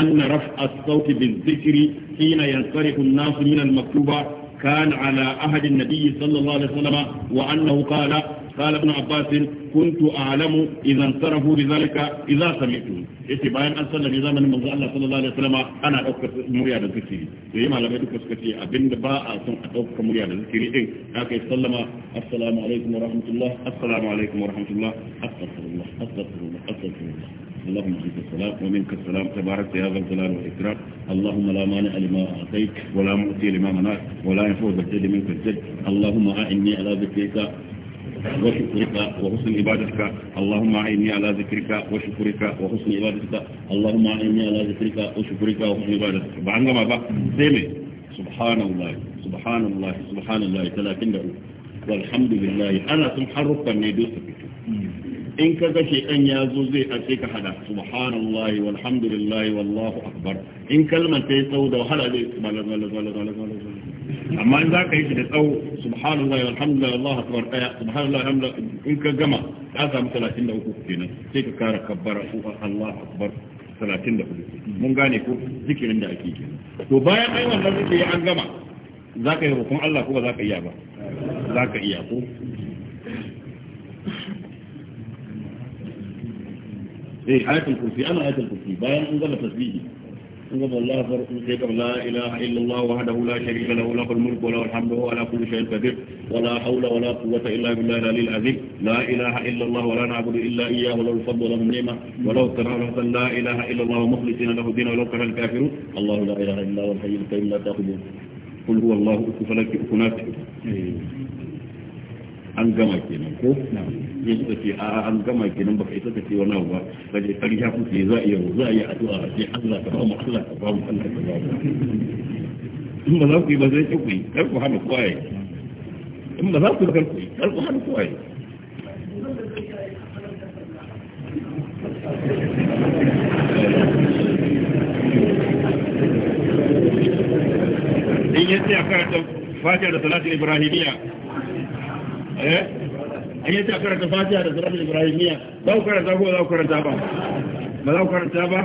أن رفع الصوت بالذكر حين ينصرف الناس من المكتوبة كان على أهد النبي صلى الله عليه وسلم وأنه قال قال ابن عباس كنت أعلم إذا انصرفوا بذلك إذا سمعتم yace bayan an sallar ya zamanin manzo Allah sallallahu alaihi wasallam ana daukar murya da zikiri to yi malamai duka suka ce abinda ba a son a daukar murya da zikiri din haka ya sallama assalamu alaikum wa rahmatullah assalamu alaikum wa rahmatullah اللهم عليك السلام ومنك السلام تبارك يا ذا الجلال والإكرام اللهم لا مانع لما أعطيت ولا معطي لما منعت ولا ينفع بالجد منك الجد اللهم أعني على ذكرك وشكرك وحسن عبادتك اللهم أعني على ذكرك وشكرك وحسن عبادتك اللهم أعني على ذكرك وشكرك وحسن عبادتك بعنا ما بقى سيمي سبحان الله سبحان الله سبحان الله ثلاثين دقيقة والحمد لله أنا سمحرك من يدوسك in ka ga shekan ya zo zai ake ka hada subhanallahi walhamdulillahi wallahu akbar in kalmar ta yi tsawo da wahala zai amma in za ka yi shi da tsawo subhanallah alhamdulillah Allah akbar daya subhanallah alhamdulillah in ka gama ka samu 33 kenan sai ka kara kabbara Allah akbar 34 mun gane ko zikirin da ake kenan to bayan ai wannan zikiri an gama za ka yi rukun Allah ko ba za ka iya ba za ka iya ko eh ayatul kursi ana ayatul kursi bayan an gama tasbihi إنما الله فرق لا إله إلا الله وحده لا شريك له له الملك وله الحمد وهو على كل شيء قدير ولا حول ولا قوة إلا بالله العلي العظيم لا إله إلا الله ولا نعبد إلا إياه وله الفضل وله النعمة وله الكرامة لا إله إلا الله مخلصين له الدين ولو كره الكافرون الله لا إله إلا هو الحي القيوم لا تأخذه قل هو الله أكف لك أكناك أمم. أنجمك نعم sai suka a an gama kenan baka isa ka wani abu ba za a iya za a iya addu'a sai Allah ka ba mu Allah ka ba mu Allah ka ba mu in ba za ku yi ba zai ku yi kar ku hana kwaye in ba za ku yi kar ku yi kar ku hana kwaye in yace fatiha da salatin ibrahimiya eh an yi ta karanta fatiha da surat ibrahimiya za ku karanta ko za ku karanta ba ba za ku karanta ba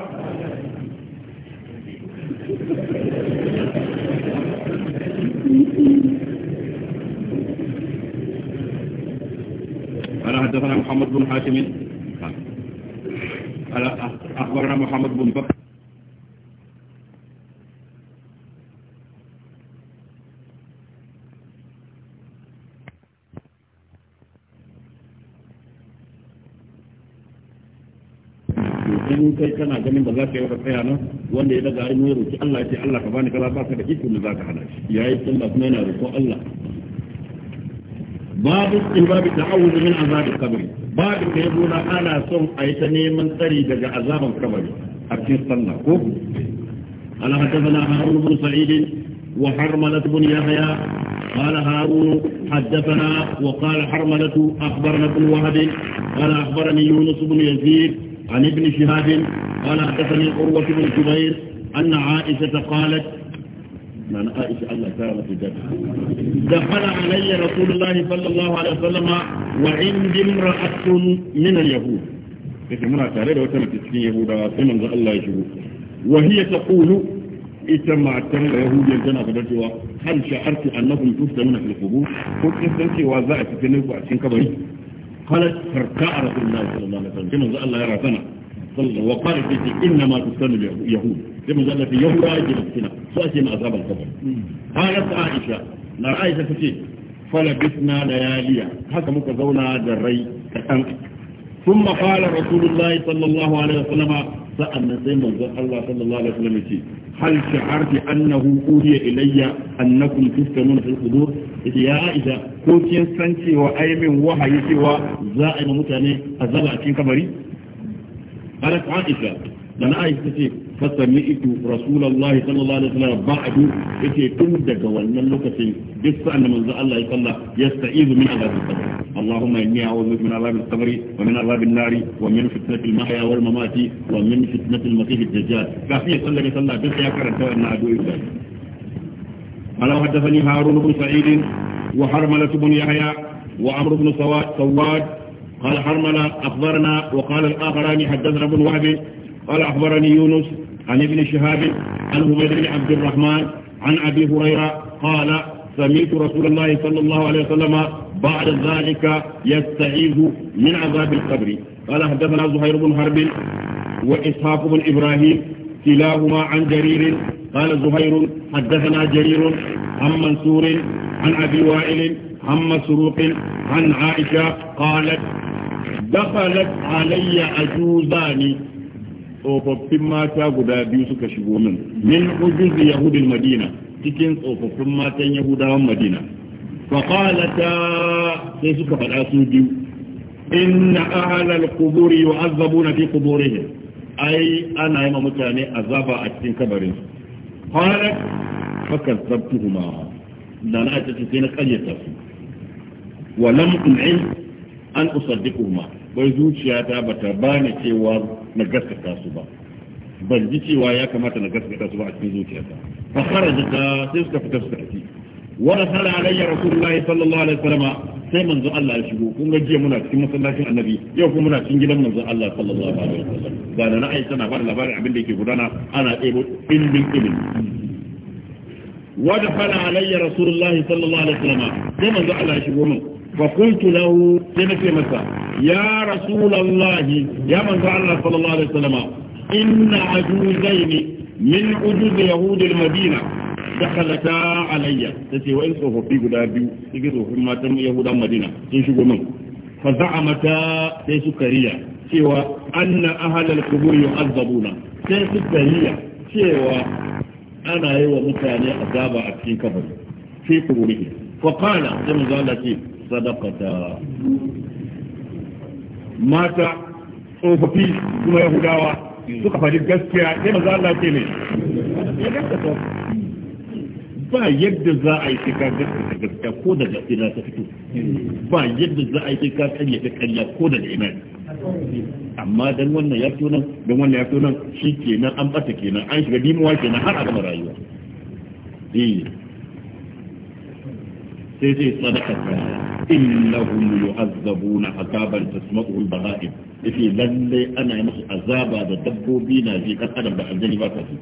قال حدثنا محمد بن حاتم قال أخبرنا محمد بن بكر ganin ba za ka yi wata tsaya nan wanda ya daga hannu ya roki Allah ya ce Allah ka bani kaza ba ka da iko da za ka hana shi yi tsalla kuma yana roƙon Allah babu ibabi ta'awuzu min azabi qabri babu da ya zuna ana son a yi ta neman tsari daga azaban kabari a cikin tsalla ko قال حدثنا هارون بن سعيد وحرملة بن يحيى قال هارون حدثنا وقال حرملة أخبرنا بن وهب قال أخبرني يونس بن يزيد عن ابن شهاب قال حدثني عروة بن الزبير أن عائشة قالت معنى عائشة الله تعالى في دخل علي رسول الله صلى الله عليه وسلم وعندي امرأة من اليهود في امرأة تعليل وتم تسكين يهودا سمن ذا الله يشهو وهي تقول اتمع التمع يهودي الجنة فدرتوا هل شعرت أنهم تفتمون في القبور قلت استنكي وزائت تنفع سنكبه قالت فرقاء رسول الله صلى الله عليه وسلم سمن ذا الله يرى سنة صلى وقال في إنما تستن اليهود لما قال في يهود آجل السنة سأتي من أصحاب القبر قالت عائشة لا عائشة تتي فلبثنا لياليا هكا مكزونا دري كتن ثم قال رسول الله صلى الله عليه وسلم سألنا سيما الله صلى الله عليه وسلم يتي هل شعرت أنه أوهي إلي أنكم تفتنون في القدور إذ يا عائشة كنت ينسنتي وأيمن وحيتي وزائم متاني أزال أكين كبري قالت عائشة لأن عائشة تسير فسمئت رسول الله صلى الله عليه وسلم بعد تنجد جوانا لك في جسر أن من ذأ الله يصلى يستعيذ من عذاب القبر اللهم إني أعوذ بك من عذاب القبر ومن عذاب النار ومن فتنة المحيا والممات ومن فتنة المسيح الدجال كافية صلى الله عليه وسلم بس يا كرة أن أدعو إلى قال وحدثني هارون بن سعيد وحرملة بن يحيى وعمر بن سواد قال حرملة أخبرنا وقال الآخران حدثنا ابن وهب قال أخبرني يونس عن ابن شهاب عن عبيد بن عبد الرحمن عن أبي هريرة قال سمعت رسول الله صلى الله عليه وسلم بعد ذلك يستعيذ من عذاب القبر قال حدثنا زهير بن حرب وإسحاق بن إبراهيم كلاهما عن جرير قال زهير حدثنا جرير عن منصور عن أبي وائل عن مسروق عن عائشة قالت دخلت علي أجوزان tsofaffin mata guda biyu suka shigo min min ujuz yahudin madina cikin tsofaffin matan yahudawan madina faqalata sai suka faɗa su biyu inna ahlal quburi yu'azzabuna fi quburihim ai ana yi ma mutane azaba a cikin kabarin qalat fakazabtuhuma da na ta ce na kayyata su wa lam un'in an usaddiquhuma bai zuciya zuciyata bata bani cewa na gaskata su ba ban ji cewa ya kamata na gaskata su ba a cikin zuciya zuciyata fa kharaja sai suka fita suka tafi wa rasala alayya rasulullahi sallallahu alaihi wasallam sai manzo Allah ya shigo kun ga jiya muna cikin masallacin annabi yau kuma muna cikin gidan manzo Allah sallallahu alaihi wasallam ga da na'ai tana ba da labarin abin da yake gudana ana ɗebo ilmin ilimi wa da fala alayya rasulullahi sallallahu alaihi wasallam sai manzo Allah ya shigo mun فقلت له سنك مسا يا رسول الله يا من الله صلى الله عليه وسلم إن عجوزين من عجوز يهود المدينة دخلتا علي تتي وإن صوفوا في قد أبيو تكتوا في ما تم يهود المدينة تنشقوا من فزعمتا تيسو كريا سوى أن أهل القبور يعذبون تيسو كريا سوى أنا أيوة متاني أذاب أكين كبر في قبوره فقال كما قال sadaqata mata tsofaffi kuma yahudawa suka faɗi gaskiya sai maza Allah ce ne ya ba yadda za a yi ka gaskata gaskiya ko daga ina ta fito ba yadda za a yi ka karya ta karya ko daga ina amma dan wannan ya fito nan dan wannan ya nan shi kenan an bata kenan an shiga dimuwa kenan har a gama rayuwa eh. sai zai sadaka innahum yu'azzabuna azaban tasma'u al-baha'im yace lalle ana musu azaba da dabbobi na ji kan adam da aljani ba kasu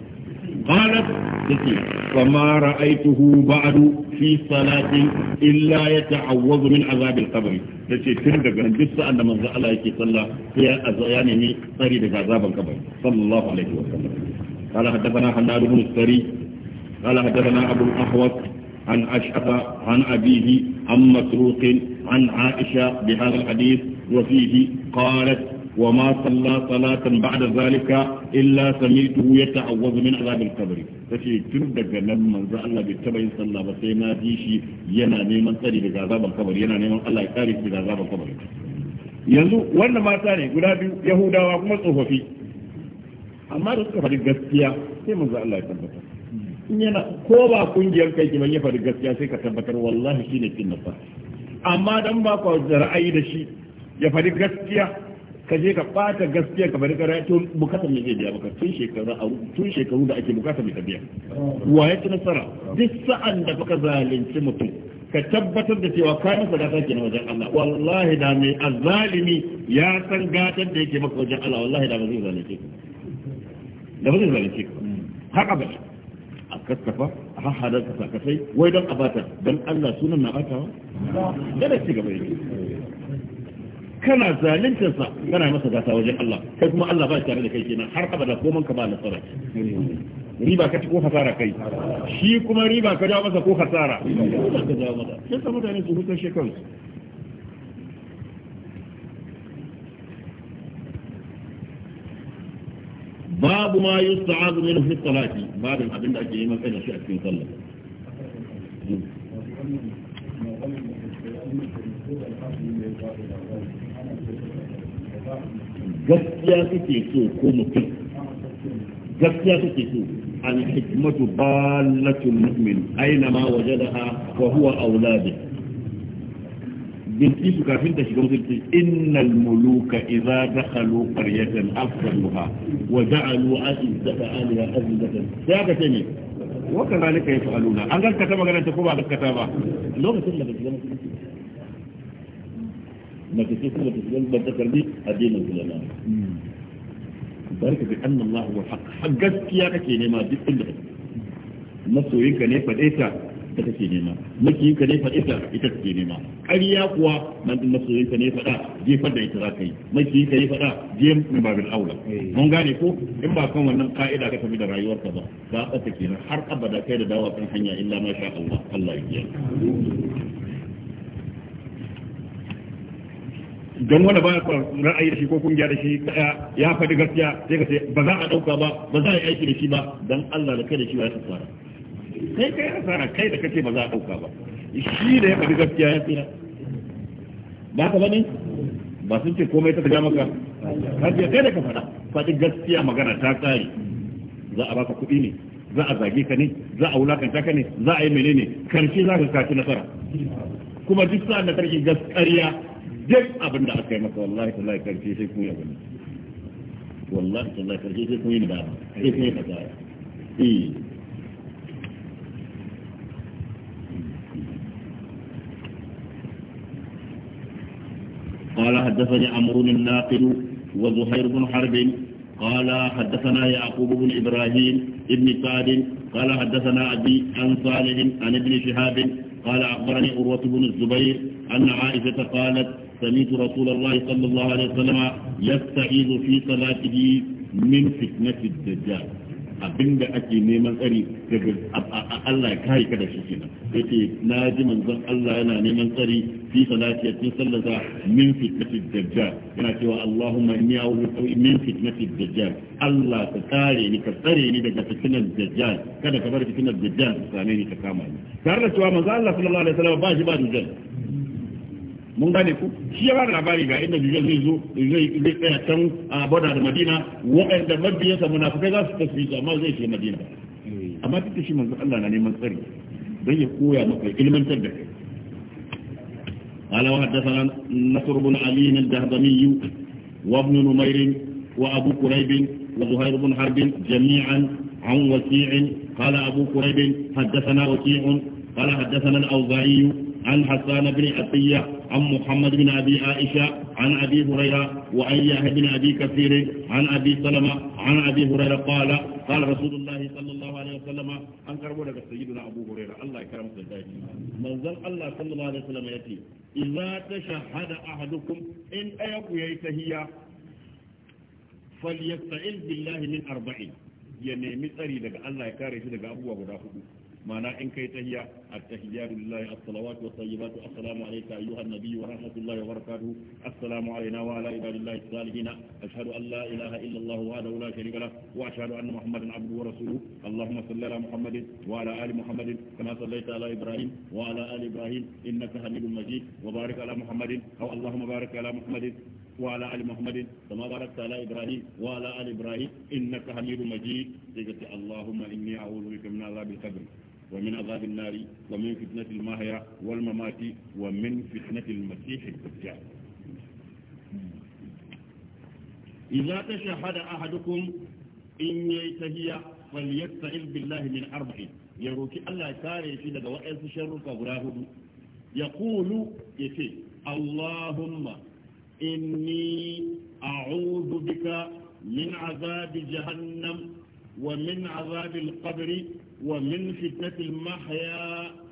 qalat yace fama ra'aituhu ba'du fi salatin illa yata'awwazu min azab al-qabr yace tun daga duk sa'an da manzo Allah yake sallah sai ya azaya ne tsari daga azaban kabari sallallahu alaihi wa sallam قال حدثنا حناد بن السري قال حدثنا ابو الاحوص عن أشعب عن أبيه عن مسروق عن عائشة بهذا الحديث وفيه قالت وما صلى صلاة بعد ذلك إلا سمعته يتعوذ من عذاب القبر فشي تن daga nan manzo Allah bai taba yin sallah sai na ji shi yana neman tsari daga azaban kabari yana neman Allah ya daga kabari yanzu wannan mata ne guda biyu Yahudawa kuma tsofaffi amma da suka faɗi gaskiya sai manzo Allah ya tabbata yana ko ba kungiyar kai ki ban ya gaskiya sai ka tabbatar wallahi shine kin nasa amma dan ba ku da ra'ayi da shi ya faru gaskiya ka je ka ɓata gaskiya ka faɗi ra'ayi to bukatar ne zai biya maka tun shekaru a tun shekaru da ake bukatar ka biya wa ya ci nasara duk sa'an da baka zalunci mutum ka tabbatar da cewa ka masa gata ke wajen Allah wallahi da mai azalimi ya san gatar da yake maka wajen Allah wallahi da ba zai zalunce ka da ba zai zalunce ka haka ba a kaskafa a hahada ka sakasai wai don a bata don Allah sunan na batawa kada ci gaba yake kana zaluntarsa kana masa gasa wajen Allah kai kuma Allah ba tare da kai kenan har abada ko man ka ba nasara riba ka ci ko hasara kai shi kuma riba ka jawo masa ko hasara riba ka jawo masa sai mutane su hukunce shekaru. باب ما يستعاذ منه في الصلاة باب الحديث الذي يجي من فين الشيء في الصلاة جسيا تتيسو كومك جسيا تتيسو الحكمة بالة المؤمن أينما وجدها وهو أولاده بنتيب كافين تشكو زلتي إن الملوك إذا دخلوا قرية أفضلها وجعلوا أزدة آلية أزدة سياكة تاني وكذلك يفعلون أنجل كتابة قال أنت كوبا عدد كتابة لو نسل لك الزلمة ما تسل لك الزلمة بذكر لي أدينا الزلمة بارك بأن الله هو حق حقك يا كيني ما جبت لك نفسه يمكن يفعل إيه ita take nema miki ka ne ita take nema ƙarya kuwa nan din masoyin ka ne faɗa jefar da ita za ka yi miki ka faɗa aula mun gane ko in ba kan wannan ka'ida ka tafi da rayuwarka ba ka ɓata kenan har abada kai da dawa kan hanya illa ma sha Allah Allah ya don wanda ba ra'ayi da shi ko kungiya da shi ya faɗi gaskiya sai ka ba za a ɗauka ba ba za a yi aiki da shi ba don Allah da kai da shi ba ya kai kai asara kai da kake ba za a dauka ba shi da ya faɗi gaskiya ya tsira ba ka bane ba sun ce komai ta taga maka gaskiya kai da ka faɗa faɗi gaskiya magana ta tsari za a baka kuɗi ne za a zage ka ne za a wulakanta ka ne za a yi menene karshe za ka kaci nasara kuma duk sa'an da karki gaskariya duk abin da aka yi masa wallahi tallahi karshe sai kun yi abin wallahi tallahi karshe sai kun yi da sai kun yi da eh قال حدثني عمرو الناقل وزهير بن حرب قال حدثنا يعقوب بن إبراهيم ابن سعد قال حدثنا أبي عن صالح عن ابن شهاب قال أخبرني عروة بن الزبير أن عائشة قالت سمعت رسول الله صلى الله عليه وسلم يستعيذ في صلاته من فتنة الدجال abinda ake neman tsari daga Allah ya kai ka da shi kenan yace na ji manzon Allah yana neman tsari fi salati yace sallaza min fitnati dajjal yana cewa Allahumma inni a'udhu min fitnati dajjal Allah ka kare ni ka tsare ni daga fitnan dajjal kada ka bar fitnan dajjal ka ne ni ta kama ni tare da cewa manzon Allah sallallahu alaihi wasallam ba shi ba dajjal mun gane ku shi ya ba labari ga inda Dujjal zai zo zai zai tsaya can a bada da Madina waɗanda mabiyansa munafikai za su tafi amma zai je Madina amma duk da shi manzo Allah na neman tsari don ya koya maka ilmantar da kai قال وحدثنا نصر بن علي الدهبمي وابن نمير وابو كريب وزهير بن حرب جميعا عن وكيع قال ابو كريب حدثنا وكيع قال حدثنا الاوزاعي عن حسان بن عطيه عن محمد بن أبي عائشة عن أبي هريرة وعن يحيى بن أبي كثير عن أبي سلمة عن أبي هريرة قال قال رسول الله صلى الله عليه وسلم أن كربونك سيدنا أبو هريرة الله يكرم سيدنا من ذل الله صلى الله عليه وسلم يأتي إذا تشهد أحدكم إن أيقوا يتهيا فليستعذ بالله من أربعين ya nemi tsari daga Allah ya kare shi daga abubuwa guda hudu ma'ana in kai tahiyya at-tahiyyatu lillahi a salawatu was-sayyibatu assalamu alayka ayyuhan nabiyyu wa rahmatullahi wa barakatuh assalamu alayna wa ala ibadillahi as-salihin ashhadu an la ilaha Allah wahdahu la sharika lahu wa ashhadu anna muhammadan abduhu wa rasuluhu allahumma salli ala muhammadin wa ala ali muhammadin kama ala ibrahim wa ala ali ibrahim innaka ala muhammadin ala muhammadin وعلى آل محمد كما باركت على إبراهيم وعلى آل إبراهيم إنك حميد مجيد اللهم إني أعوذ بك من عذاب القبر ومن عذاب النار ومن فتنة المحيا والممات ومن فتنة المسيح الدجال إذا تشهد أحدكم إن يتهي فليستعذ بالله من أربع يروك الله تعالى في وإذ شرك يقول يتي اللهم إني أعوذ بك من عذاب جهنم ومن عذاب القبر ومن فتنة المحيا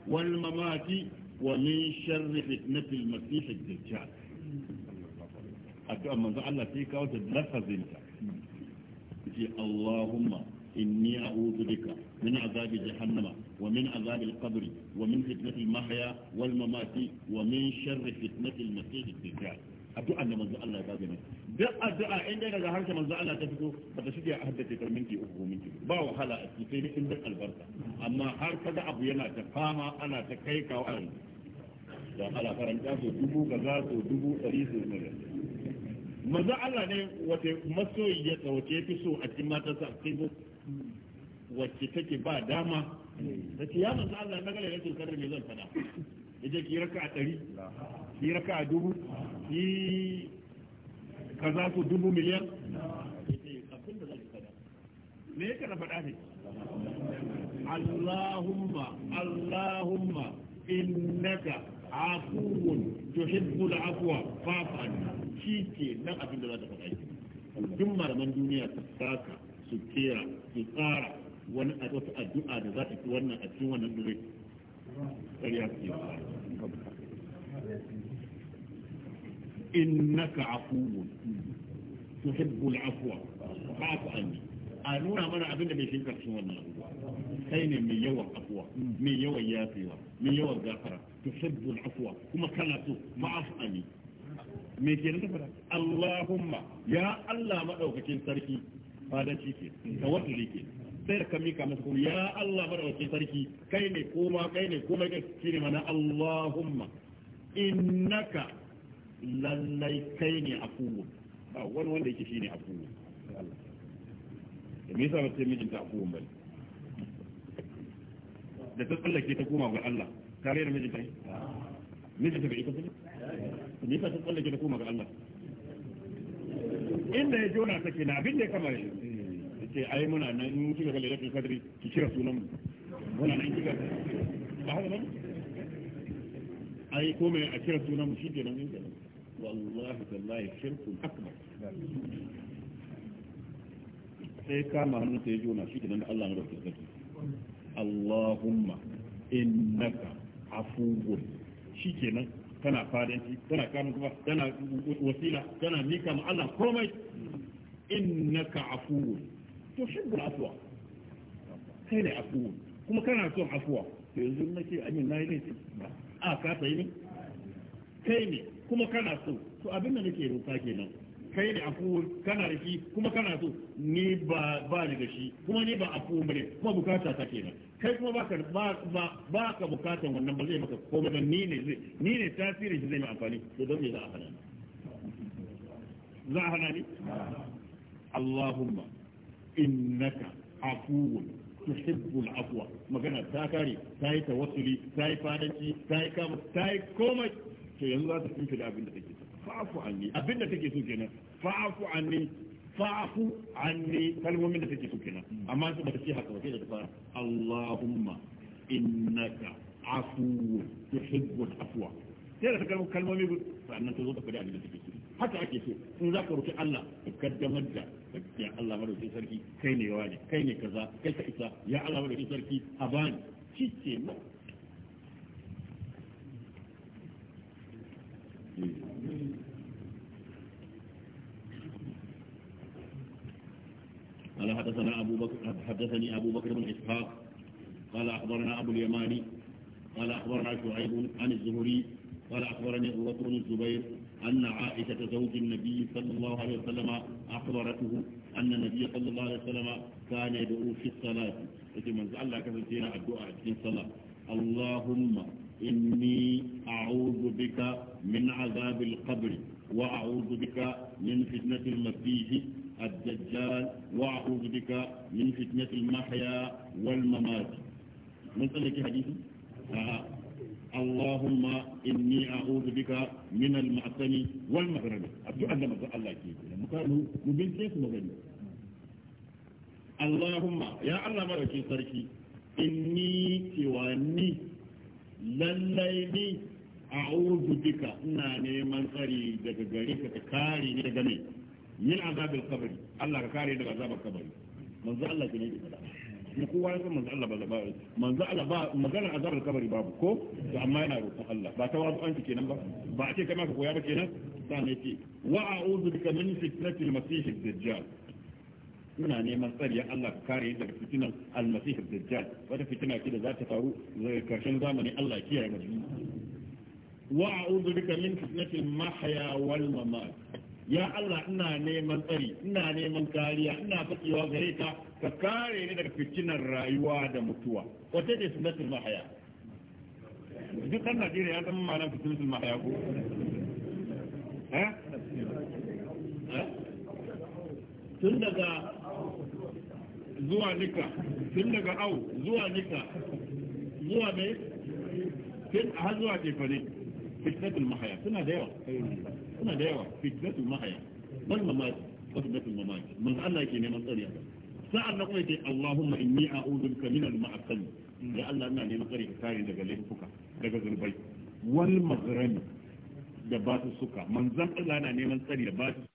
والممات ومن شر فتنة المسيح الدجال أدعى من الله فيك وتدلفظ انت اللهم إني أعوذ بك من عذاب جهنم ومن عذاب القبر ومن فتنة المحيا والممات ومن شر فتنة المسيح الدجال addu'a da manzo Allah ya ba gani duk addu'a in dai daga harshen manzo Allah ta fito ba ta shige a haddace ta minti uku ko minti ba wahala a cikin sai in da albarka amma har kada abu yana ta fama ana ta kai kawo an da ala faranta so dubu kaza so dubu ɗari so ne manzo Allah ne wace masoyi ya tsawace fi so a cikin matarsa a cikin wacce take ba dama ta ce ya manzo Allah na gare da ke karar me zan fada ya ki raka a ɗari ki raka a dubu ki kaza ku dubu miliyan abin da za ki me ya kana faɗa ne Allahumma Allahumma innaka afuwun tuhibbul afwa fa'fu anni shi ke nan abin da za ta faɗa ki duk malaman duniya su saka su kera su tsara wani addu'a da za ta ci wannan a cikin wannan dure innaka aqul tuhibbu al-afwa fa'fu anni a nuna mana abin da bai shi karshen wannan kai ne mai yawan afuwa mai yawan yafewa mai yawan gafara tuhibbu al-afwa kuma kana so fa'fu anni me ke nan fara Allahumma ya Allah madaukakin sarki fadaci ke tawakkali ke sai da kan mika masa ya Allah madaukakin sarki kai ne koma kai ne komai kai shine mana Allahumma innaka lallai kai ne afuwa ba wani wanda yake shine afuwa da me yasa bane da ta tsallake ta koma ga Allah da bai ita ba me yasa ta tsallake ta koma ga Allah inda ya jona take na abin da ya ce ai muna nan in kika kalle lafiyar kadri ki kira sunan mu muna nan kika ba haka nan ai ko me a kira sunan mu shi ke nan wallahi tallahi shirkun akbar sai ka kama hannun sai juna shi nan da Allah ya rubuta zaki Allahumma innaka afuwwun shi nan kana fadanci kana kama kuma kana wasila kana mika ma Allah komai innaka afuwwun to shibbul afwa kai ne afuwa kuma kana son afuwa to yanzu nake amin na yi ne a ka sai ne kai ne kuma kana so to abin da nake roka kenan kai ne afuwa kana da shi kuma kana so ni ba ba ni da shi kuma ni ba afuwa bane kuma bukata ta kenan kai kuma baka ba ba ka wannan ba zai maka ne ni ne tasiri shi amfani to don me za a hana ni za a hana ni Allahumma innaka afuwun tuhibbul afwa magana ta kare ta yi tawassuli ta yi fadanci ta yi kama ta yi komai to yanzu za ta tsinka da abin da take fa'afu anni abin da take so kenan fa'afu anni fa'afu anni kalmomin da take so kenan amma su ba ta ce haka ba sai da ta fara Allahumma innaka afuwun tuhibbul afwa sai da ta kalmomi sannan ta zo ta faɗi abin da take so haka ake so in za ka roki Allah ka kaddamar da ya Allah madaukin sarki kai ne wani kai ne kaza kai ka isa ya Allah madaukin sarki a bani shi ce ma قال حدثنا أبو بكر حدثني أبو بكر بن إسحاق قال أخبرنا أبو اليماني قال أخبرنا شعيب عن الزهري قال أخبرني أبو بكر بن الزبير أن عائشة زوج النبي صلى الله عليه وسلم أخبرته أن النبي صلى الله عليه وسلم كان يدعو في الصلاة يجب من لك كفر فينا الدعاء في الصلاة اللهم إني أعوذ بك من عذاب القبر وأعوذ بك من فتنة المسيح الدجال وأعوذ بك من فتنة المحيا والممات من ذلك حديث آه. اللهم إني أعوذ بك min al-ma'sami wal maghribi addu'a da manzo Allah ke yi mu kanu mu bin sai mu ya Allah madauki sarki inni cewa ni lallai ni a'udhu bika ina neman tsari daga gare ka ka kare ni daga ne min Allah ka kare daga azabar kabari manzo Allah ke ne kowa ya san manzo Allah ba manzo Allah ba magana azabar kabari babu ko to amma yana roƙon Allah ba ta tawazu an kenan ba ba a ce kai ma ka koya ba kenan ta ne ce wa a'udhu bika min fitnatil masih ad-dajjal ina neman tsariya Allah ka kare daga fitinan al-masih ad-dajjal wata fitina ce da za ta faru karshen zamani Allah kiyaye mu wa a'udhu bika min fitnatil mahya wal mamat ya Allah ina neman tsari ina neman kariya ina fakewa gare ka ka kare ni daga fitinar rayuwa da mutuwa wata ce sunnatul mahaya duk kan Najeriya ya zama ma'anar sunnatul mahaya ko eh? eh tun daga zuwa nika tun daga au zuwa nika zuwa ne tun har zuwa jefa ne fitnatul mahaya suna da yawa suna da yawa fitnatul mahaya wal mamat wa fitnatul mamat man Allah yake neman tsari sa'an nan kuma yake Allahumma inni a'udhu bika min al-ma'asam ya Allah ina neman tsari ka kare daga laifuka daga zulbai wal maghrami da ba su suka manzan Allah na neman tsari da ba su